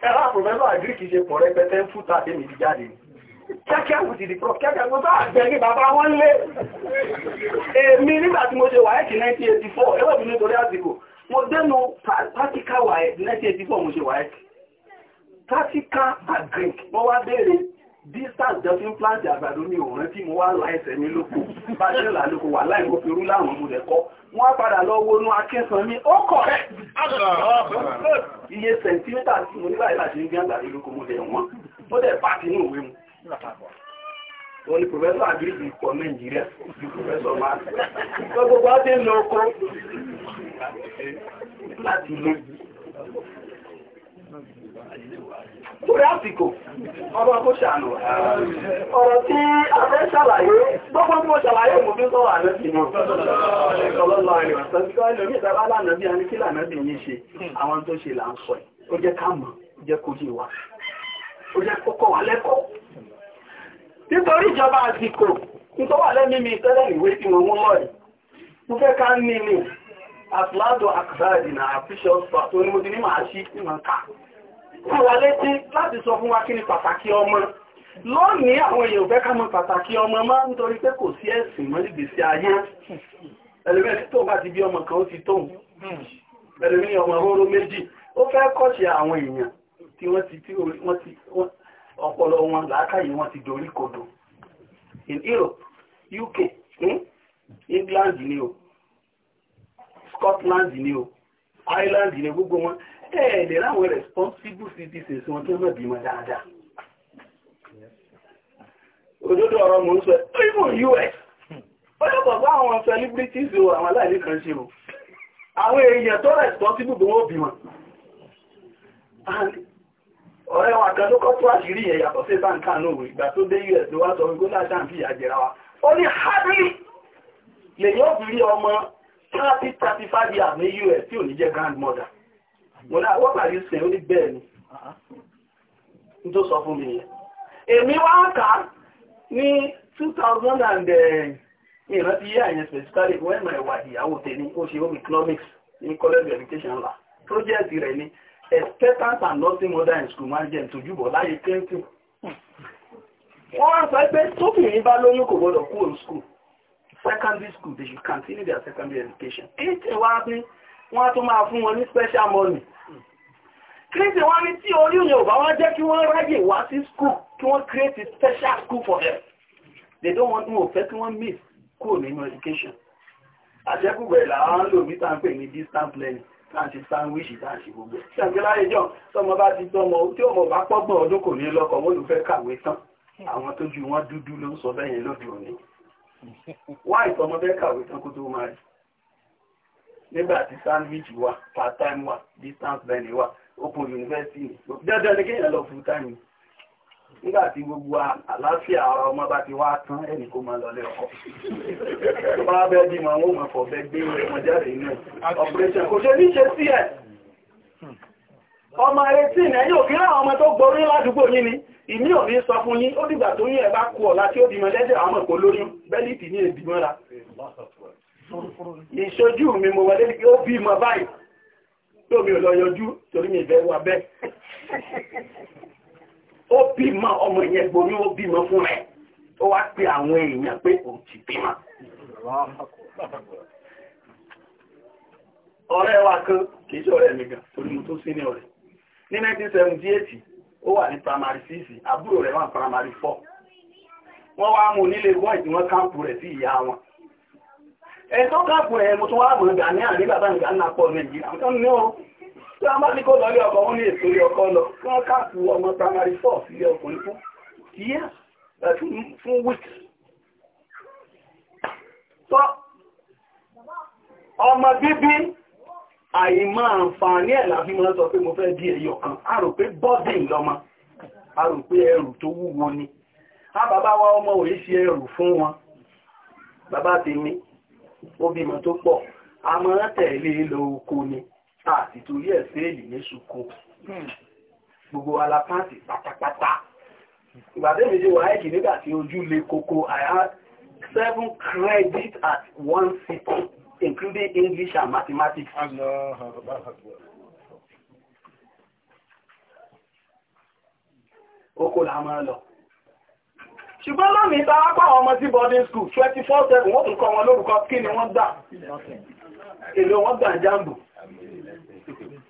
ẹ̀rọ àpòfẹ́sọ̀ àgíríkì ṣe pọ̀ rẹpẹtẹ fúta tèmi jáde ni kíákíá wùtì dì mo ṣe wà ẹ́kì 1984 mo dẹ́nu pátíkà wà ẹ́ wọ́n wá distance jọ fi àgbàdo ní òòrùn tí mo wá la ẹsẹ̀ mi bá ṣe là lóko wà láì mo fi rú láwọn mo lẹ̀ wọ́n á padà lọ wọnú akẹ́sàn mi ó kọ̀ rẹ̀ iye sẹ̀ntímítà tí mo ní láti ń gbé àgbàdo lóko mo lẹ̀ wọ́n ó dẹ̀ bá tinú òwe mu lápapọ̀ wọ́n ní pòfẹ́sọ̀ àgbègbè pọ̀ nàìjíríà gbogbo ń lọ oko láti gbogbo ṣàlàyé mú bí náà ọlọ́lọ́ nítorí ìjọba àsìkò tó wà lẹ́mìí tẹ́lẹ̀ ìwé tí mo mú lọ yìí mo fẹ́ ká ní ní àtìládò àkàràdì náà àfíṣọ́ sọ tó ní mo ti ní màá ṣí sí màá kà fún wa létí láti sọ fún wa kí ni pàtàkì ọmọ lónìí àwọn èèyàn fẹ́ ká mọ̀ pàtàkì ọmọ máa ń torí pé kò sí ẹ̀sìn mọ́ ìgbésí ayé ẹlẹ́mẹ́sì tó bá ti bí ọmọ kan ó ti tóun ẹlẹ́mí ọmọ oró méjì ó fẹ́ kọ́ṣẹ́ àwọn èèyàn tí wọ́n ti ọpọlọ wọn làákàyè wọn ti dorí kodò in Europe UK hmm? Eh? England ni o Scotland ni o Ireland ni gbogbo wọn ẹ̀ẹ́dẹ̀ láwọn responsible citizens wọn tó mọ̀ bímọ dáadáa òdodo ọ̀rọ̀ mò ń sọ oh, even US ọlọ́pọ̀ bá àwọn celebrities o àwọn aláìní kan ṣe o àwọn èèyàn tó responsible bí wọ́n bímọ ọ̀rẹ́ wa kan ló kọ́ tó àṣírí yẹn yàtọ̀ sí us ló wá sọ wípé láti àǹfì àjẹrà wa ó ní hadley lèyìn ó fi rí ọmọ thirty thirty ní us tí ò ní jẹ́ grandmother mo náà wọ́n ó ní bẹ́ẹ̀ ni n tó sọ fún mi yẹn èmi wá kà ní two thousand and eh, yé àyẹn specifically ìyàwó ó education la project rẹ̀ expectant and nursing mother in school máa ń jẹ́ ìtòjúbọ̀ láyé clinton wọ́n wá sọ pé tóbìnrin bá lóyún kò gbọ́dọ̀ kú òun school secondary school they should continue their secondary education clinton wá ní wọ́n á tún máa fún wọn ní special money clinton wá ní tí orí òyìn òbá wá jẹ́ kí wọ́n ráyè wá sí school kí wọ́n create a special school for them they don't want wọn ò fẹ́ kí wọ́n miss kúrò nínú education àjẹkùgbẹ̀ làwọn lò ní tàǹpẹ̀ ní distance learning láti sáńwíṣì láti gbogbo ṣàgbé láyé jọ tọmọ bá ti tọmọ tí ọmọ bá pọ́gbọ̀n ọdún kò ní lọ́kọ wọn ló fẹ́ kàwé tán àwọn tójú wọn dúdú ló ń sọ bẹ́yẹn lóde òní wá ìtọmọ fẹ́ kàwé tán kó tó máa rí nígbà tí sáńwíṣì wà part time wà distance learning wà open university dandan ni kéèyàn lọ full time nígbà tí gbogbo àlàáfíà ara ọmọ bá ti wá tán ẹni kó máa lọ lẹ́ọ̀kọ́ tó bá bí ma gbé jáde inú kò ṣe sí ọmọ ní òfin ọmọ tó gborí ládùúgbò ni ìní òní sọ fún yín ó dìgbà tó yín bá kú lẹ́jẹ̀ àwọn ọmọ ní mọ́ra ìṣojú mi mo wọlé ó báyìí tó mi obi bímọ ọmọ yẹn gbomi obi bímọ fún rẹ̀ ó wá àwọn èèyàn pé ti ọ̀rẹ́ wa kan kìí ṣe ọ̀rẹ́ mi gan tó sí ní ọ̀rẹ́ ní 1978 ó wà ní primary 6 àbúrò rẹ̀ wà ní primary 4 wọ́n wá mú nílé wọ́n ìdí wọ́n káàpù rẹ̀ sí ìyá wọn ẹ̀ tó káàpù rẹ̀ mo tún wá mọ̀ gà ní àrí bàbá pọ̀ tí wọ́n bá ní kó lọ lé ọkọ̀ wọn ní ètò orí ọkọ̀ lọ fún káàkù ọmọ primary four sílé ọkùnrin fún years fún weeks so ọmọ bíbí àìmọ̀ àǹfààní ẹ̀ láti mọ́ sọ pé mo fẹ́ di ẹyọ kan a rò pé bọ́dìn lọ́mọ a rò pé ẹrù tó wúwo ni a bàbá wa ọmọ òye ṣe ẹrù fún wọn bàbá ti ní ó bímọ tó pọ̀ a máa tẹ̀lé e lọ oko ni àti torí ẹ̀ fẹ́ẹ̀lì ní ṣùkọ́ hmm. gbogbo alápáǹtì pátápátá ìgbà tẹ́mi ṣe wà áìkì nígbà tí ojú le koko I had seven credit at one sitting including English and mathematics. Oko la máa lọ. Ṣùgbọ́n lónìí ta wá pàwọn ọmọ sí boarding school twenty four seven wọ́n tún kọ́ wọn lórúkọ kí ni wọ́n gbà. Èlò wọ́n gbà jáàmbù.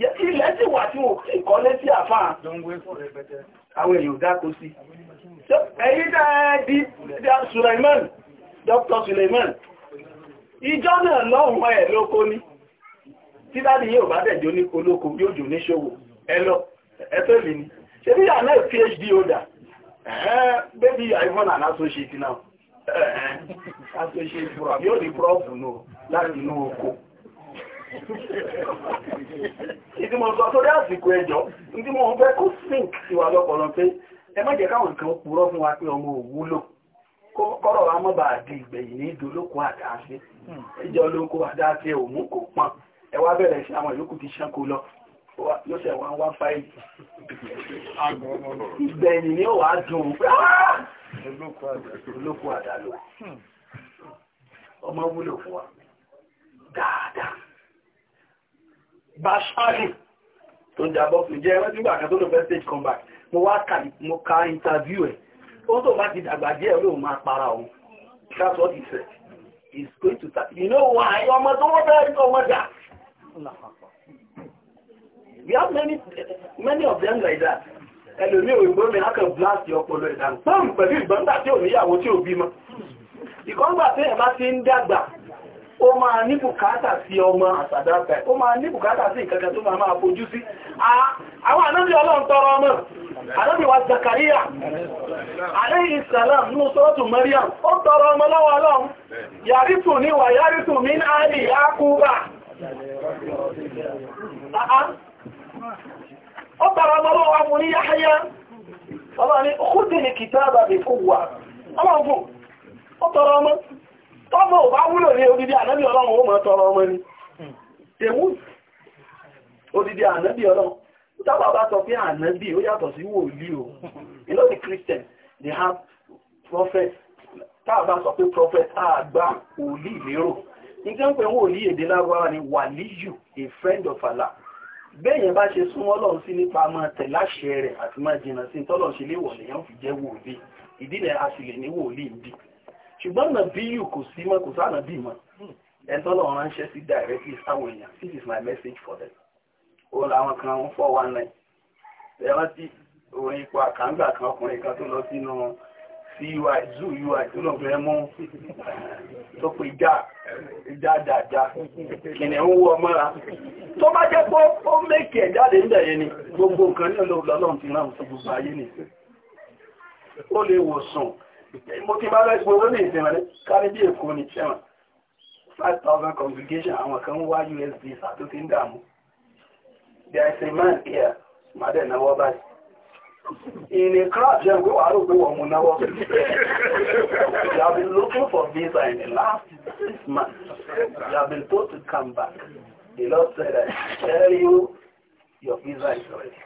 ilẹ̀ sì wà tí wọ́n ìkọ́lé sí àfáà àwọn èèyàn dákó sí ẹ̀yí dáadí Suleiman Dr. Suleiman ìjọ náà lọ́hùn ẹ̀ lóko ní tí dáadí yóò bá dẹ̀ jó ní olóko yóò jò ní ṣòwò ẹlọ ẹ̀tọ́ ìlú ni ṣe bí àná PhD holder baby iphone and associate now associate yóò ní prof nù láti inú oko ìdí mo sọ sórí àsìkò ẹjọ́ ìdí mo fẹ́ kó sink sí wa lọ́pọ̀lọ́ pé ẹ má káwọn nǹkan fún wa pé ọmọ òwúlò kọrọ wa mọ́ bá di ìgbẹ̀yìn ní ìdólókò àdáṣe si olóko àdáṣe òmú kò lọ ṣe wọn wá fáìlì ni ó wàá dùn pé ah! olóko fún wa dáadáa. bashari tó ń jàbọ́ jẹ́ wọ́n nígbà kan stage to start you know we have many many of them like that ẹlòmí òyìnbó mi akẹ́ blast ọpọlọ ìdàgbọ́n pẹ̀lú ìgbọ́ngbà tí ò níyàwó tí ò bímọ ìkọ́ngbà tí ti ń ó máa ní bùkátà sí ọmọ àtàdáta ó máa ní bùkátà sí ìkẹ́kẹ́ tó máa máa fojú sí àwọn ànábì ọlọ́run tọrọ ọmọ ànábì wa Zakaria alayhi salam ní sọ́ọ̀tù Maryam ó tọrọ ọmọ lọ́wọ́ ọlọ́run yàrítù ní wà yàrítù min ali Yakuba ó tọrọ ọmọ lọ́wọ́ fún ní Yahya ọlọ́run ní kúdìní kìtàbà bí kúwà ọlọ́run fún ó tọrọ ọmọ tọ́mọ̀ ò bá wúlò ní odidi ànábì ọlọ́run ó mọ̀ tọrọ ọmọ ni tèwú odidi ànábì ọlọ́run tábà bá sọ pé ànábì ó yàtọ̀ sí wòlíì o you know the Christians they have prophets táà bá sọ pé prophet àgbà wòlíì lérò nǹkan pé wòlíì èdè lágbára ni wàlíyù a friend of Allah bẹ́yẹn bá ṣe súnmọ́ lọ́run sí nípa máa tẹ̀láṣẹ rẹ̀ àti máa jìnnà sí tọ́lọ̀ ṣe léwọ̀ lèyàn fi jẹ́ wòlíì ìdílé a sì lè ní wòlíì bíi ṣùgbọ́n nàbíyù kò sí mọ́ kò sáà nàbí mọ́ ẹ̀ńtọ́lọ̀ ránṣẹ́ sí directly sáwọn èèyàn this is my message for them òun làwọn kan ń fọ́ wa náà ẹ̀rọ ti orin ipò àkàǹgbà kan ọkùnrin kan tó lọ sínú cui zoo ui tó lọ bẹ̀rẹ̀ mú tó pe ìjà ìjà dàjà kìnìún ń wọ mọ́ra tó bá jẹ́ pé ó mékì ẹ̀ jáde ń bẹ̀yẹn ni gbogbo nǹkan ní ọlọ́run ti ràn sí gbogbo ayé ni ó lè wòsàn mo ti máa rẹ́gbọ́ lórí ìsinmi kárí bí èkó ní chairman five thousand congregation àwọn kan wá usd sàtó ti ń dààmú there is a man here madẹ náwó báyìí in a crowd jẹ́ pé wàá rò pé wọ́n mú náwó you have been looking for visa in the last six months you have been told to come back the Lord said I tell you your visa is ready.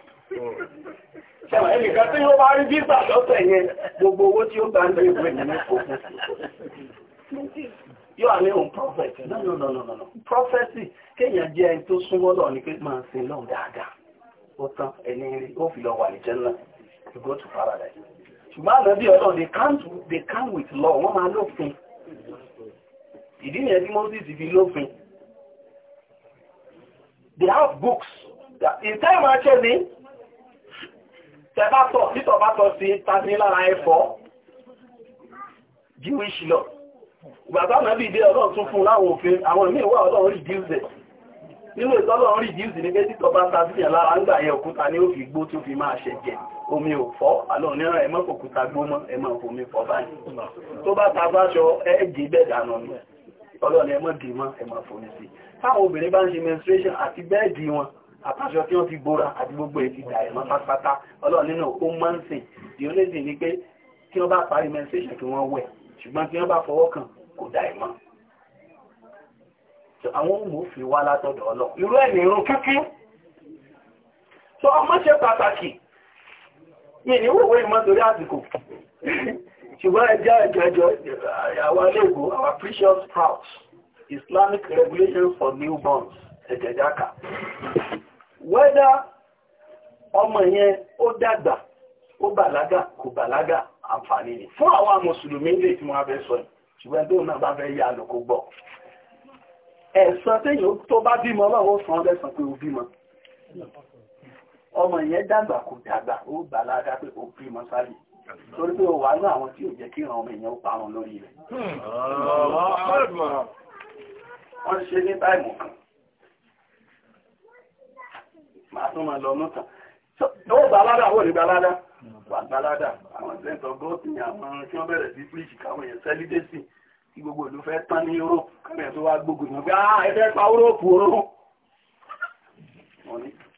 Ṣẹ̀wọ̀n ẹnìkan tí ó máa rí bí ìgbà yẹn gbogbo owó tí ó gbà ń lọ ìwé ní ìfòkú. Yóò wà òun prọfẹ̀tì. No, no, no, no, no. Prọfẹ̀tì kéèyàn jẹ́ ẹni tó súnmọ́ lọ ní pé máa sin lọ dáadáa. Ó tán ẹni rí, ó fi lọ wà ní jẹ́nà. You go to paradise. Ṣùgbọ́n àná bí ọ̀dọ́, they can't, they can't with law, wọ́n máa lófin. Ìdí nìyẹn tí Moses fi lófin. They have books. In time actually, tẹ́bátọ̀ títọ̀ bátọ̀ sí tàbí lára ẹ̀fọ́ jewish law ìgbàtà náà bí dé ọlọ́run tún fún láwọn òfin àwọn ìmí ìwà ọlọ́run reduce nínú ìtọ́lọ́run reduce ní pé títọ̀ bá tàbí lára ń gbà yẹ òkúta ní ó fi gbó tó fi máa ṣẹ̀jẹ̀ omi ò fọ́ àlọ́ níran ẹ̀mọ́ òkúta gbó mọ́ ẹ̀mọ́ omi fọ́ báyìí tó bá ta báṣọ ẹ̀ẹ́dì bẹ́ẹ̀dànà ni ọlọ́run ẹ̀mọ́ dì mọ́ ẹ̀mọ́ fòmí sí táwọn obìnrin bá ń ṣe menstruation àti bẹ́ẹ̀dì wọn àtúnṣọ tí wọ́n fi gbóra àti gbogbo ẹ̀ ti dà ẹ̀mọ́ pátápátá ọlọ́run nínú ó máa ń sìn the only thing ni pé kí wọ́n bá parí menstruation kí wọ́n wẹ̀ ṣùgbọ́n kí wọ́n bá fọwọ́ kàn kò dà ẹ̀mọ́ àwọn òmùfì wá látọ̀dọ̀ ọlọ́ irú ẹ̀mì irun kíkí so ọmọ ṣe pàtàkì mi ní wòwé ìmọ́ torí àsìkò ṣùgbọ́n ẹjọ́ ẹjọ́ àwọn alẹ́gbò our precious sprouts Islamic regulations for newborns ẹ̀jẹ̀jáka wẹ́dá ọmọ yẹn ó dàgbà ó bàlágà kò bàlágà àǹfààní ni fún àwọn mùsùlùmí lè tí wọ́n fẹ́ sọ yìí ṣùgbọ́n tó náà bá fẹ́ yà lọ kó gbọ́ ẹ̀sán téèyàn tó bá bímọ ọlọ́run ó san lẹ́sàn pé ó bímọ ọmọ yẹn dàgbà kò dàgbà ó bàlágà pé ó bímọ sáyé torí pé ó wà ní àwọn tí ò jẹ́ kí ìran ọmọ èèyàn ó parun lórí rẹ̀ hmm. wọ́n ṣe ní táìmù kan máa tún máa lọ mọ́ta ó gbalada ó rí gbalada wà gbalada àwọn sẹ́ńtọ̀ gọ́ọ̀tì ni àwọn tí wọ́n bẹ̀rẹ̀ sí fíríjì káwọn èèyàn sẹ́lídẹ́sì tí gbogbo ìlú fẹ́ tán ní Europe káwọn èèyàn tó wá gbógun náà pé ah ẹ fẹ́ pa Europe oró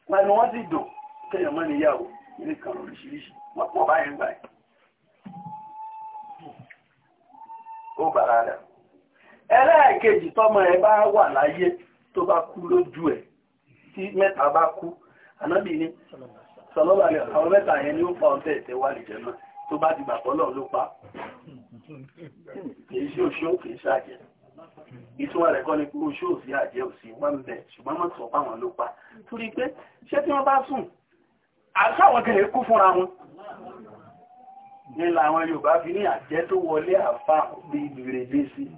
pẹ̀lú wọ́n sì dùn kéèyàn mọ́ níyàwó ilé kan oríṣiríṣi wọ́n pọ̀ báyìí gbà yìí ó gbalada ẹlẹ́ẹ̀kejì tọ́mọ ẹ bá wà láyé tó bá kú lójú ẹ̀ tí mẹ́ta bá kú ànábì ni sọlọ́wà rẹ̀ àwọn mẹ́ta yẹn ni ó pa ọ̀tẹ̀ ẹ̀tẹ̀ wà lè jẹ́mọ́ tó bá ti gbàgbọ́ lọ ló pa kìí ṣe oṣó kìí ṣe àjẹ́ ìtumọ̀ rẹ̀ kọ́ ni pé oṣó òsì àjẹ́ òsì wọ́n ń bẹ̀ ṣùgbọ́n mọ́ sọ fáwọn ló pa torí pé ṣé tí wọ́n bá sùn àṣàwọn kẹlẹ̀ kú fúnra wọn nílà àwọn Yorùbá fi ní àjẹ́ tó wọlé àfa bíi ìrèlé sí i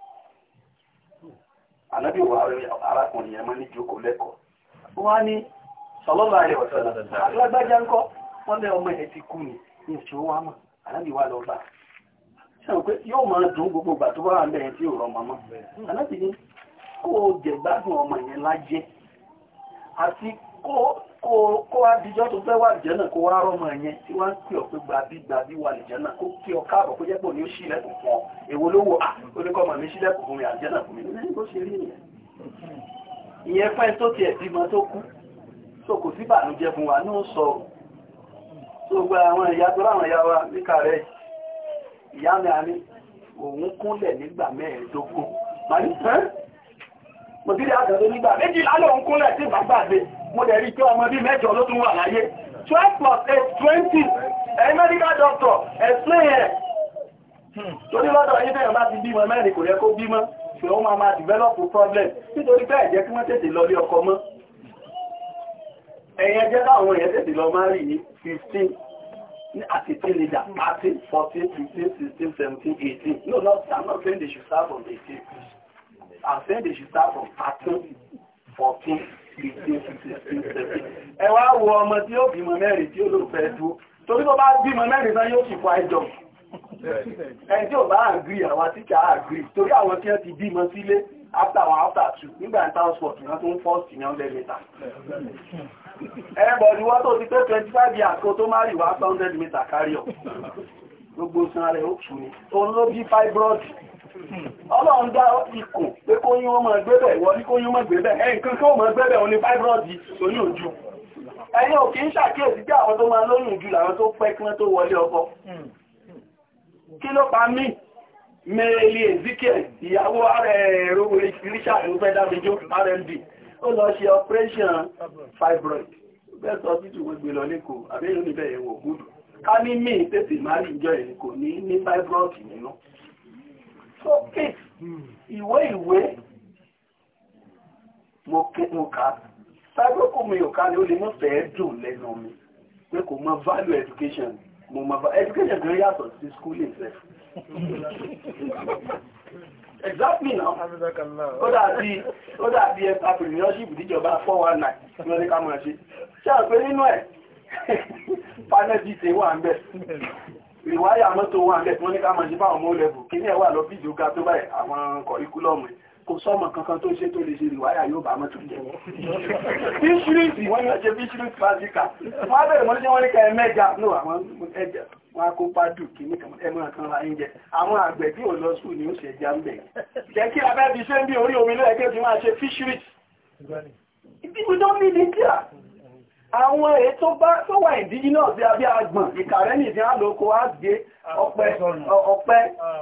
ànábì wà arákùnrin yẹn máa ní jókòó lẹ́kọ̀ọ́ wọ́n ní sọlọ́lá ayé ọ̀sẹ̀ alágbájá ńkọ́ wọ́n ọmọ ẹ̀ ti kú ni ní ìṣòwò wa mọ̀ ànábì wà lọ́ba sẹ́wọ̀n pé yóò máa dùn gbogbo ìgbà tó wà lẹ́yìn tí ò mama màmá ní kó o jẹ̀gbádùn ọmọ yẹn lájẹ́ àti kó kó wá díjọ́ tó fẹ́ wà lìjẹ́ náà kó wá rọ́mọ ẹ̀yẹn tí wọ́n ń pè ọ́ pé gbàbí gbàbí wà lìjẹ́ náà kó kí ọ káàbọ̀ kó jẹ́ pé òní ó ṣí ilẹ̀kùn fún ọ èwo ló wò á oníkọ́mọ̀ mi ṣí ilẹ̀kùn fún mi àlìjẹ́ náà fún mi ní bó ṣe rí nìyẹn ìyẹn fẹ́ tó tiẹ̀ bímọ tó kú so kò sí bànújẹ́ fún wa ní ó sọ tó gba àwọn ìyá tó láwọn ìyá wa ní kàrẹ́ ìyá mi àní òun kúnlẹ̀ nígbà mẹ́ẹ̀ẹ́dógún màá ní mo ti rí àgbẹ̀lẹ́ nígbà méjì lálẹ́ òun kúnlẹ̀ tí bàbá àgbẹ̀ mo dẹ̀ rí pé ọmọ bí mẹ́jọ ló tún wà láyé 12 plus 8 20 ẹ̀yìn medical doctor explain ẹ̀ hmm. torí lọ́dọ̀ yìí bẹ̀rẹ̀ bá ti bímọ mẹ́rin kò yẹ kó bímọ ṣe ó máa máa develop problem nítorí bẹ́ẹ̀ jẹ́ kí wọ́n tètè lọ lé ọkọ mọ́ ẹ̀yẹn jẹ́ láwọn èèyàn tètè lọ máa rí ní 15 àti teenager 13 14 15 16 17 18 no no i'm not saying they should start from 18 and then they should start from thirteen fourteen fifteen sixteen seventeen. ẹ wá wo ọmọ tí yóò bímọ mẹ́rin tí ó lò fẹ́ dúró torí tó bá bímọ mẹ́rin náà yóò sì kọ àìjọ ẹni tí ò bá àgírí àwọn tíṣà àgírí torí àwọn tí wọ́n ti bímọ sílé after one after two nígbà ní town sport ìran tó ń first ìran hundred meter. ẹ̀bọ̀ ni wọ́n tó ti pé twenty five years kó tó má rí wá hundred meter carry ọ̀ gbogbo sanra rẹ̀ ó tù ní òun ló bí fibroid ọlọ́run dá ikò pé kó yín wọ́n máa gbébẹ̀ ìwọ ní kó yín máa gbébẹ̀ ẹ̀ nǹkan kí ó máa gbébẹ̀ òun ni fáìbírọ́ọ̀dì oyún ojú ẹ̀yin ò kí ń ṣàkíyèsí pé àwọn tó máa lóyún ojú làwọn tó pẹ́ kí wọ́n tó wọlé ọkọ kí ló pa mí mẹ́rẹ̀lẹ̀ Ezekiel ìyàwó ààrẹ ẹ̀rọ Richard ló fẹ́ dábíjó RMD ó lọ ṣe operation fibroid best hospital wọ́n gbé lọ lẹ́kọ̀ọ́ àbẹ́yìn oníbẹ̀yẹ̀wò gúdù ká ní mí tètè má rí ìjọ ẹ̀ sókè hmm. ìwé ìwé mo kà sáyé kò mi ò ká ni ó lè mọ̀ fẹ́ẹ́ dùn lẹ́nu mi pé kò mọ value education mo mọ education gan yàtọ̀ sí schooling sef. <laughs> exactly now ó dàbí ó dàbí entrepreneurship níjọba four one nine ní wọ́n ní ká máa ṣe ṣáà pé nínú ẹ̀ <laughs> panel gt wà ń bẹ̀. <laughs> ìwáyà mọ́tò wọn àgẹ́tì wọ́n ní ká máa ṣe báwọn mọ́ lẹ́bù kí ní ẹ̀wà lọ bí ìjọga tó báyìí àwọn kọ̀ríkúlọ̀mù kò sọ́mọ kankan tó ṣe tó lè ṣe ìwáyà yóò bá mọ́tò jẹ́ wọ́n. bíṣírìtì wọ́n yóò ṣe bíṣírìtì fásitì wọ́n á bẹ̀rẹ̀ mọ́tò wọ́n ní ká ẹ̀mẹ́ja ní àwọn ẹ̀jẹ̀ wọ́n á kó pádù kí ní ẹ̀mọ́ kan ra oúnjẹ àwọn àgbẹ̀ tí ò lọ sùn ni ó ṣe já ń bẹ̀. jẹ́ kí abẹ́ fi ṣe ń bí orí omi lóyè kí o ti máa ṣe fíṣírìtì. people don't need it here àwọn èyí tó bá tó wà indigenous bí abẹ́ agbọ̀n ìkàrẹ́ ní ìdí àlòkò àgbé ọ̀pẹ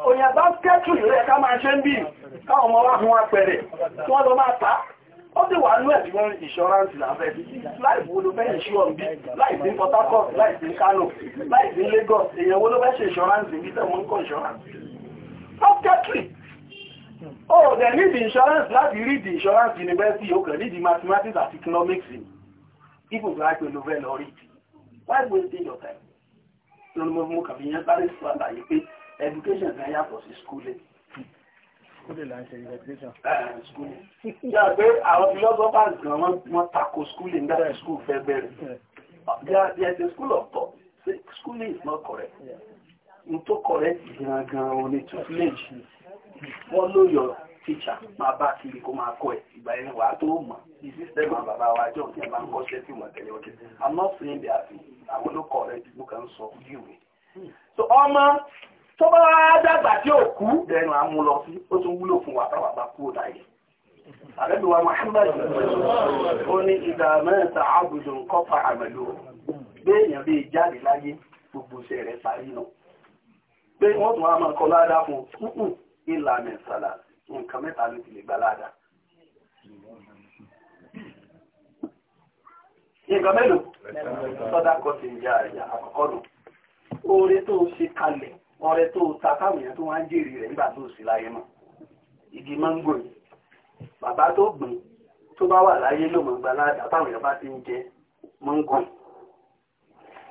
òyìn àbá skẹ́tù rẹ̀ ká máa ṣe ń bí káwọn ọmọ wá fún apẹ̀rẹ̀ tí wọ́n lọ máa ta ó sì wà ní ẹ̀bí wọn insurance láfẹ́ láìsí wo ló fẹ́ insurance bí láìsí Port Harcourt láìsí Kano láìsí Lagos èèyàn wo ló fẹ́ insurance bí tẹ̀ wọ́n ń kọ́ insurance skẹ́tù ó dẹ̀ nídìí insurance láti rí di insurance university okay. Need the mathematics and economics People will ask me to learn or Why wasting your time? No wọ́n mọ̀ mú kàbí yẹn sáré sọ àlàyé pé education kan yàtọ̀ sí schooling. Schooling là ń ṣe education. Schooling. Yà pé àwọn philosophers gan wọ́n tako schooling nígbà tí school fẹ́ bẹ̀rẹ̀. There is a school of thought. Schooling is not correct. N tó correct gan-an to tutelage. follow your tíṣà máa bá kiri kó máa kọ́ ẹ̀ ìgbà ẹni wàá tó mọ̀ ní sísẹ́mù àbàbà wa jọ ní ẹ̀bá ń kọ́ṣẹ́ sí wọn tẹ̀lé ọdún i'm not saying they are àwọn ló kọ̀ rẹ̀ mo kàn ń sọ so ọmọ tó bá dàgbà tí ò kú dẹnu àmú lọ sí ó tún wúlò fún wa táwa bá kú láyé. àrẹ́bí wa Muhammad ó ní ìdá mẹ́ta àbùdù kọ́fà àmàlò béèyàn bíi jáde láyé gbogbo iṣẹ́ rẹ̀ parí náà pé wọ́n tún wá máa kọ́ ládàá fún ìlànà ìsàlà nǹkan mẹ́ta ló ti lè gbà láàdá nǹkan mélòó sọ́dá kọ́ sí ìjà ẹ̀yà àkọ́kọ́ nù oore tó ṣe kalẹ̀ tó ta táwọn èèyàn tó wá ń jèrè rẹ̀ nígbà tó sì mọ̀ igi máńgò bàbá tó gbìn tó bá wà láyé ló mọ̀ gbà táwọn èèyàn bá ti ń jẹ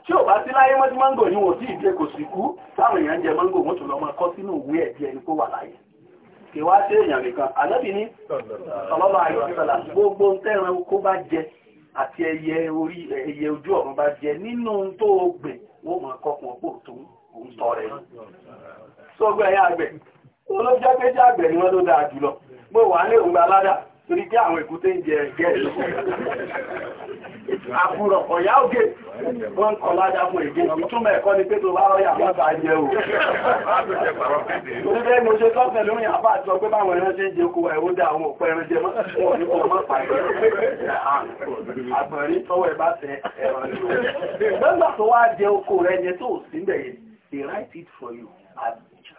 tí ò bá sí láyé ni wọ́n ti kò sì kú táwọn èèyàn kì wá sí èèyàn nìkan ànábì ní ọlọ́lọ́ àyọ̀sọ́lá gbogbo tẹ́ran kó bá jẹ àti ẹyẹ orí ẹyẹ ojú ọ̀run bá jẹ nínú tó gbè wọ́n mọ̀ kọkùn tó ń tọ́ rẹ̀ sọ́gbẹ́ torí pé àwọn èkúté ń jẹ ẹ̀gẹ́ ìlú àkúrọ̀ ọ̀yá ògè wọ́n kọ ládá fún èdè ìtúnmọ̀ ẹ̀kọ́ ni pé tó bá rọ́yà jẹ́ o torí mo ṣe tọ́sẹ̀ lórí àbá àti ọgbẹ́ báwọn ẹran ṣe ń jẹ dá àwọn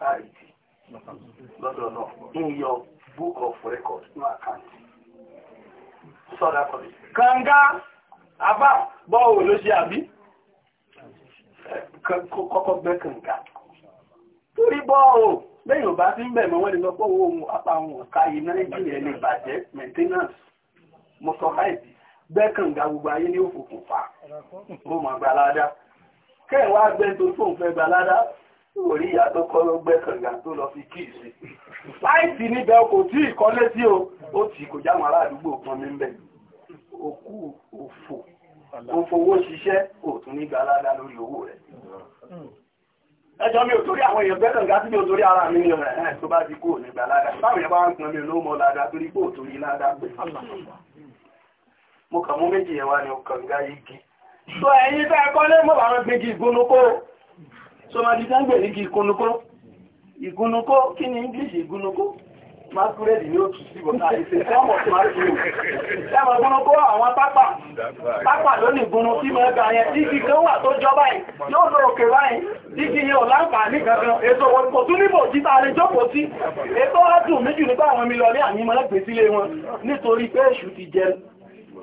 ẹran jẹ mọ́ kanga aba kànga àbá bọ́ọ̀wò ló ṣe àbí kọ́kọ́ gbẹ́ kànga torí bọ́ọ̀wò lẹ́yìn ọba tí ń bẹ̀ mọ́ wọ́n lè lọ pọ̀ ohun apá ohun yìí nàìjíríà lè bàjẹ́ maintenance mo gbẹ́ kànga gbogbo ayé ní òfòfò fà ó mà gbalada kẹ́ẹ̀ wá tó tóun fẹ́ gbalada orí ìyá tó kọ́ ló gbẹ́ kànga tó lọ fi kí ìsìn láìsí níbẹ̀ kò tí ì kọ́lé sí o ó tì kò jáwọn ará àdúgbò kan mi ń bẹ̀ òkú òfò ó fowó ṣiṣẹ́ kò tún ní gbalada lórí owó rẹ̀ hmm. ẹjọ́ mi ò torí àwọn èèyàn gbẹ́ kànga sí mi ò torí ara mi ni ọ̀rẹ́ ẹ̀ tó bá ti kó ní gbalada báwọn yẹn bá ń pọn mi ló mọ lada torí kó torí lada pé mo kàn mú méjì yẹn wá ní ọkàn gá igi sọ ẹ̀yin tẹ́ ẹ kọ́lé mọ́ bàrán gbégi ìgbónú kó sọmọdé dáńgbẹ̀ ní kí ìkúnnukó ìkúnnukó kí ni english kure masquerade ni ó tù sí bọ̀tà ìṣẹ́ sọ́mọ̀ masquerade ẹmọ ìkúnnukó àwọn pápá pápá lónìí ìkúnnu tí mo ga yẹn dígí kan wà tó jọ báyìí yóò lọ òkè báyìí dígí yẹn ò láǹkà ní kankan ètò kò tún níbò títà lè jókòó sí ètò adùn méjì nípa àwọn mílíọ̀nì àmì mọ́lẹ́gbẹ̀ẹ́sílé wọn nítorí pé èṣù ti jẹ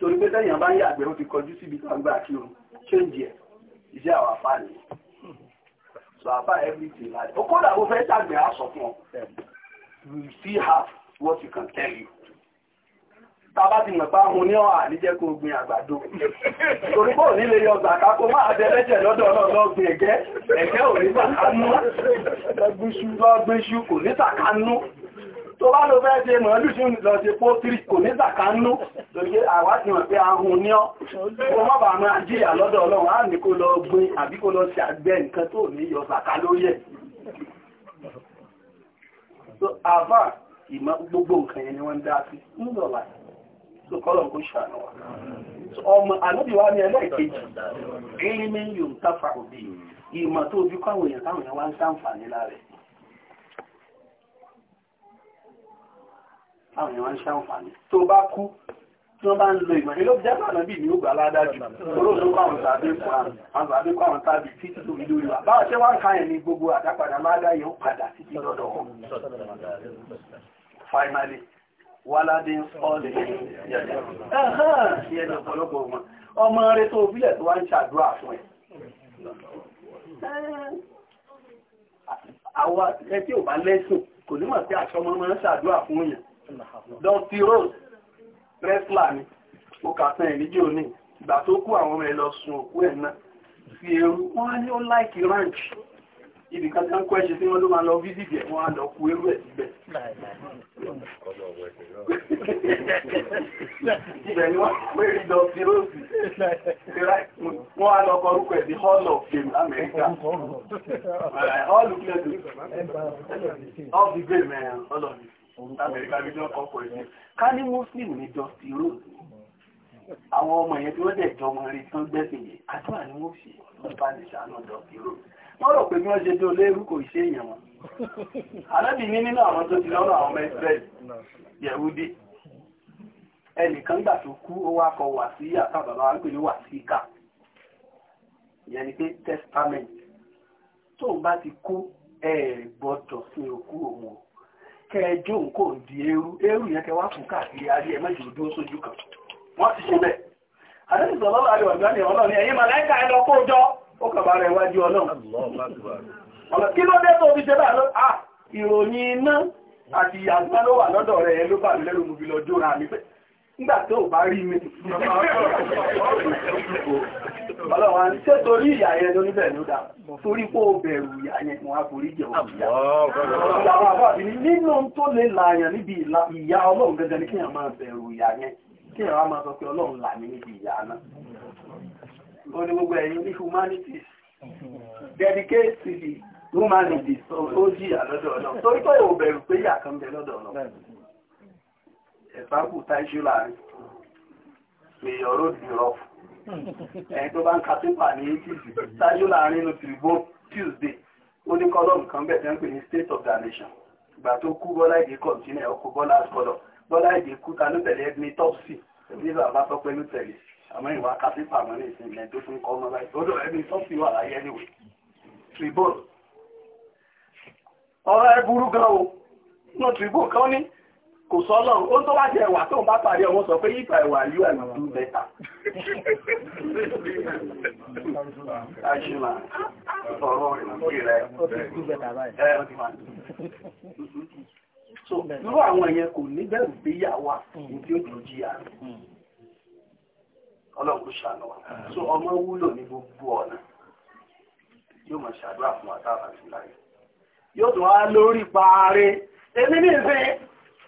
torí pé tẹ́yìn bá ń yàgbẹ́ ó ti kọjú síbi tó ń gbà kí o ṣéǹjì ẹ̀ iṣẹ́ àwọn afá ni so afá everything like o kódà o fẹ́ ṣàgbẹ́ aṣọ fún ọ you see half what you can tell you tábà ti mọ̀ pá hun ní ọ̀hà ní jẹ́ kó gbin àgbàdo torí pé òní lè yọ gbàká kó máa jẹ lẹ́jẹ̀ lọ́dọ̀ ọlọ́gbìn ẹ̀gẹ́ ẹ̀gẹ́ òní tàkánú lọ́gbìnṣú kò ní tàkánú tó bá ló fẹ́ ṣe mọ̀ọ́lù sí lọ ṣe pótírì kò ní sàkánú lórí àwádìí wọn pé ahun ní ọ́ o mọ́ bàá máa jíyà lọ́dọ̀ ọlọ́run á ní kó lọ gbin àbí kó lọ ṣe àgbẹ̀ nǹkan tó ní yọ sàká lórí ẹ̀ àbá ìmọ̀ gbogbo nǹkan yẹn ni wọ́n dá sí ńlọ́lá tó kọ́lọ̀ kó ṣàánú wa ọmọ àlóbìwá ní ẹlẹ́ẹ̀kejì gẹ́gẹ́ mẹ́rin yóò ń tàfà òbí ìmọ̀ tó ojú káwọn èèyàn táwọn èèyàn wá ń sáǹfààní lára ẹ̀ àwọn èèyàn ń ṣàǹfààní tó bá kú tí wọ́n bá ń lo ìmọ̀ ilé òjá náà bí ní ògbà aládájú olóòtú káwọn tàbí kọ àwọn tàbí kọ àwọn tàbí títí tó ilé olùwà báwọn ṣe wá ń ka ẹni gbogbo àdápadà ládá yẹn padà títí lọ́dọ̀ wọn. finally wáládé ń sọ lè yẹn ọ̀pọ̀lọpọ̀ ọmọ ọmọ rẹ tó bílẹ̀ tó wá ń ṣàdúrà fún ẹ. àwa ẹ tí ò bá lẹ́sùn kò ní mọ̀ sí àṣọmọ́ máa ń ṣàdúrà fún yẹn don tiro rẹ́sílà ni mo ìgbà tó kú àwọn ọmọ lọ sun òkú ẹ̀ náà sí eru wọ́n á ní ó láìkì ranch ibi kan tán kọ́ ẹ̀ṣẹ̀ tí wọ́n ló máa lọ fídíìdì ẹ̀ wọ́n á lọ kú eru ẹ̀ síbẹ̀. wọ́n á lọ orúkọ ẹ̀ sí hall of fame America hall of fame of the men all of ká ní muslim ni dusty road àwọn ọmọ yẹn tí wọ́n jọ ọmọ rẹ̀ tán gbẹ́sìn yẹn àdúrà ni wọ́n fi wọ́n bá lè ṣàánú dusty road rò pé bí ṣe dé olóyèrú kò ṣe èèyàn wọn alábì ní nínú àwọn tó ti lọ́nà àwọn ọmọ bá ti kú sí òkú òun o kẹjọ nǹkó di eru eru yẹn ka wá fún káàkiri ayé ẹ mẹjọ dúró sójú kan wọn ti ṣe bẹ́ẹ̀ àdéhùn sọlọ láàrin ọgbà ni Ọlọ́run ẹ̀yin màláìka ẹ lọ ó kàbà rẹ wájú kí ló dé tó fi ṣe báyìí lọ ìròyìn iná àti ìyàgbá ló wà rẹ ló lọ jóra mi pé nígbà tó bá rí mi. Ọlọ́wà ń ṣe torí ìyà yẹn ló níbẹ̀ ló dá. Torí pé ó bẹ̀rù ìyà yẹn wọn a kò rí jẹ òkúta. Àwọn àbábí nínú tó lè láàyàn níbi ìyà Ọlọ́run gẹ́gẹ́ ní kíyàn máa bẹ̀rù ìyà yẹn. Kíyàn wá máa sọ pé Ọlọ́run là mí níbi ìyà náà. Ó ní gbogbo ẹ̀yin ní humanities. Dedicate to the humanities ó jìyà lọ́dọ̀ Ọlọ́run. Torí pé ò bẹ̀rù pé ìyà kan bẹ lọ́dọ̀ Ọlọ́run. Ẹ̀fà kù táìṣú láàrin. Pè ọ̀rọ̀ dìrọ̀fù. <laughs> ẹni tó bá ń ka pépà ní tíìsì ṣáájú láàrin inú tìrìbó tuesday ó ní kọ́lọ́mù kan bẹ̀ tẹ́ ń pè ní state of the nation ìgbà tó kú bọ́lá ìdè kọ̀ǹtínẹ̀ ọkọ̀ bọ́lá àkọlọ̀ bọ́lá ìdè kú ta ló tẹ̀lé ẹni tọ́psì ní bàbá tó pẹ́ ló tẹ̀lé àmọ́ ìwà ka pépà mọ́ ní ìsinmi tó tún kọ́ ọmọ báyìí ó dọ̀ ẹni tọ́psì wà láyé ẹniwé ẹ kò sọ lọ́rùn ó tó wá jẹ ẹ̀wà tó ń bá parí ọmọ sọ pé yípa ẹ̀wà yóò ẹ̀wà tó bẹ́ta ṣíma ọ̀rọ̀ ìrẹ́ so irú àwọn èèyàn kò ní bẹ̀rù pé yà wà ní tí ó dùn jìyà ọlọ́run ṣàánú wa so ọmọ wúlò ní gbogbo ọ̀nà yóò mọ̀ ṣàdúrà fún wa tábà sí láyé yóò tún wá lórí paare èmi ní ìfẹ́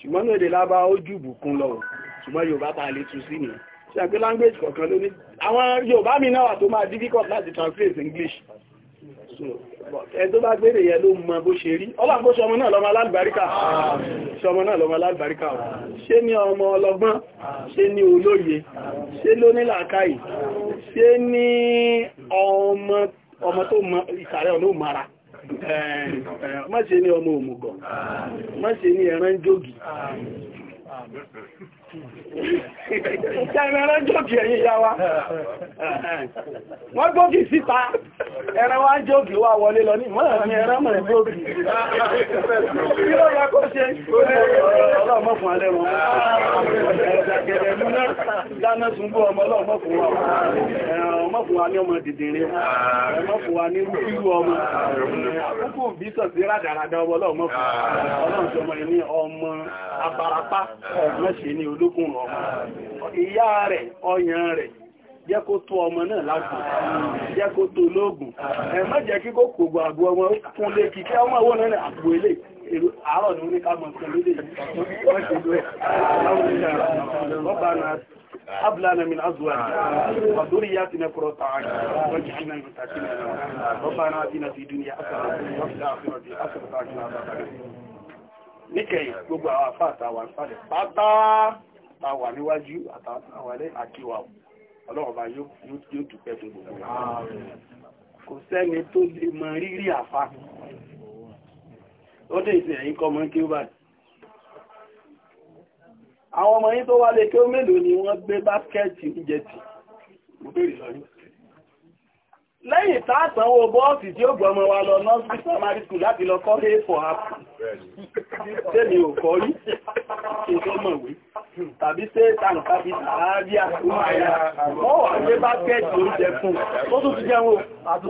ṣùgbọ́n náà èdè lábá ó jù bùkún lọ ṣùgbọ́n yorùbá ta lè tú sí nìyẹn ṣe language kọ̀ọ̀kan ló ní àwọn yorùbá mi náà wà tó máa difficult láti translate english so ẹ tó bá gbére yẹn ló mọ bó ṣe rí ọlọ́run kó ṣọmọ náà lọ́mọ alábàríkà ṣọmọ náà lọ́mọ alábàríkà ọ̀ ṣé ní ọmọ ọlọ́gbọ́n ṣé ní olóye ṣé ló ní làákàyè ṣé ní ọmọ tó mọ ma ṣe ni ọmọ òmùgọ̀ ma ṣe ni ẹran jógi ìtẹ́rin ẹran jòkì ẹ̀yìn ya wa wọ́n síta wá wọlé lọ ní ní kí kó ṣe ọmọ ọmọ ọmọ ọmọ lógún ọmọ ìyá rẹ̀ ọyàn rẹ̀ jẹ́ kó tó ọmọ náà lágbò jẹ́ kó tó lóògùn ẹ jẹ́ kí kó kògbò àgbò ọmọ fún lé kí ọmọ owó náà àgbò ilé àárọ̀ ní أبلانا من أزواج وذرياتنا عين واجعلنا المتاكين ربنا آتنا في الدنيا وفي الآخرة ta wà níwájú àtàwàlẹ́ àkíwà ọlọ́ọ̀bá yóò dúpẹ́ fún gbogbo kò sẹ́ni tó lè mọ rírí àfá lọ́dọ̀ ìsìn ẹ̀yìn kọmọ kí ó báyìí àwọn ọmọ yìí tó wálé kí ó mélòó ni wọ́n gbé báskẹ́ẹ̀tì oúnjẹ tì mo bèèrè lọ́yìn lẹ́yìn tààtànwò bọ́ọ̀sì tí ó gbọmọ wa lọ nọ́sí primary school láti lọ kọ́ lé fọ́ àpù tẹ́mi ò kọ́ rí ṣètò mọ̀wé tàbí sétan tàbí sàárìà wọ́n wà ní bákẹ́ẹ̀tì oúnjẹ fún ó tún ti jẹun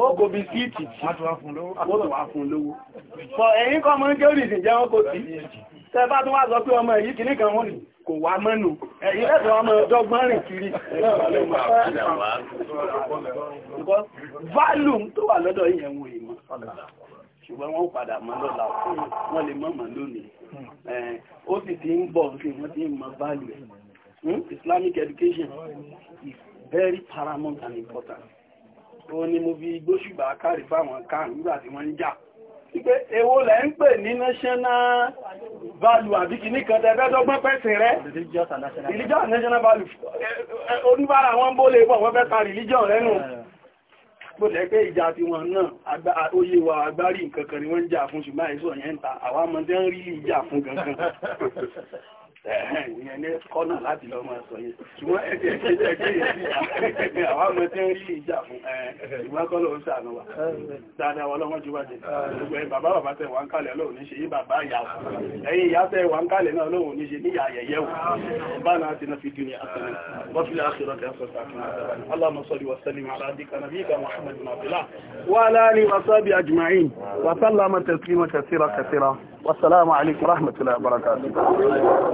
ó kò bí síìtì tí wọ́n tó wà fún lówó fọ ẹ̀yìn kọ́ mọ́ ń kéré ìsìn jẹun kò sí tẹ́ bá tún wá kò wá mọ́nù ẹ̀yìn lẹ́tọ̀ ọmọ ọdọ́gbọ́n rìn kiri valum tó wà lọ́dọ̀ ìyẹn wò ìmọ̀ ṣùgbọ́n wọ́n padà mọ́ lọ́la wọ́n lè mọ́ mọ́ lónìí ó sì ti ń bọ̀ sí wọ́n ti ń mọ hmm? Islamic education is very paramount and important ó ní mo fi pé èwo lẹ ń pè ní national value àbí kì ní kan tẹ́gbẹ́dọ́gbọ́n pẹ̀sìn rẹ̀ religious national value oníbára wọn bó lè bọ̀ wọ́n fẹ́ ta religion rẹ́nu bó tẹ́ pé ìjà ti wọn náà oyè wa agbárí nǹkankan ni wọ́n ń jà fún ṣùgbọ́n àìsàn yẹn ń ta àwọn amọ̀dé <laughs> ìyẹn ní kọ́nà láti lọ́mọ sọ yẹn ṣùgbọ́n ẹgbẹ́ ẹgbẹ́ ẹgbẹ́ yẹn àwọn ọmọ tí ń rí ìjà fún ṣùgbọ́n kọ́ ló ń ṣàánú wa dáadáa wọn lọ́wọ́ jùwájú gbogbo ẹ̀ bàbá bàbá tẹ̀ wá ń kalẹ̀ lóhùn ní ṣe yí bàbá ìyá wò ẹ̀yìn ìyá tẹ̀ wá ń kalẹ̀ náà lóhùn ní ṣe níyà ayẹyẹ wò bá náà ti na fi dùn ní asẹ́lẹ̀ wọ́n fi láàkìrọ̀ kẹsàn-án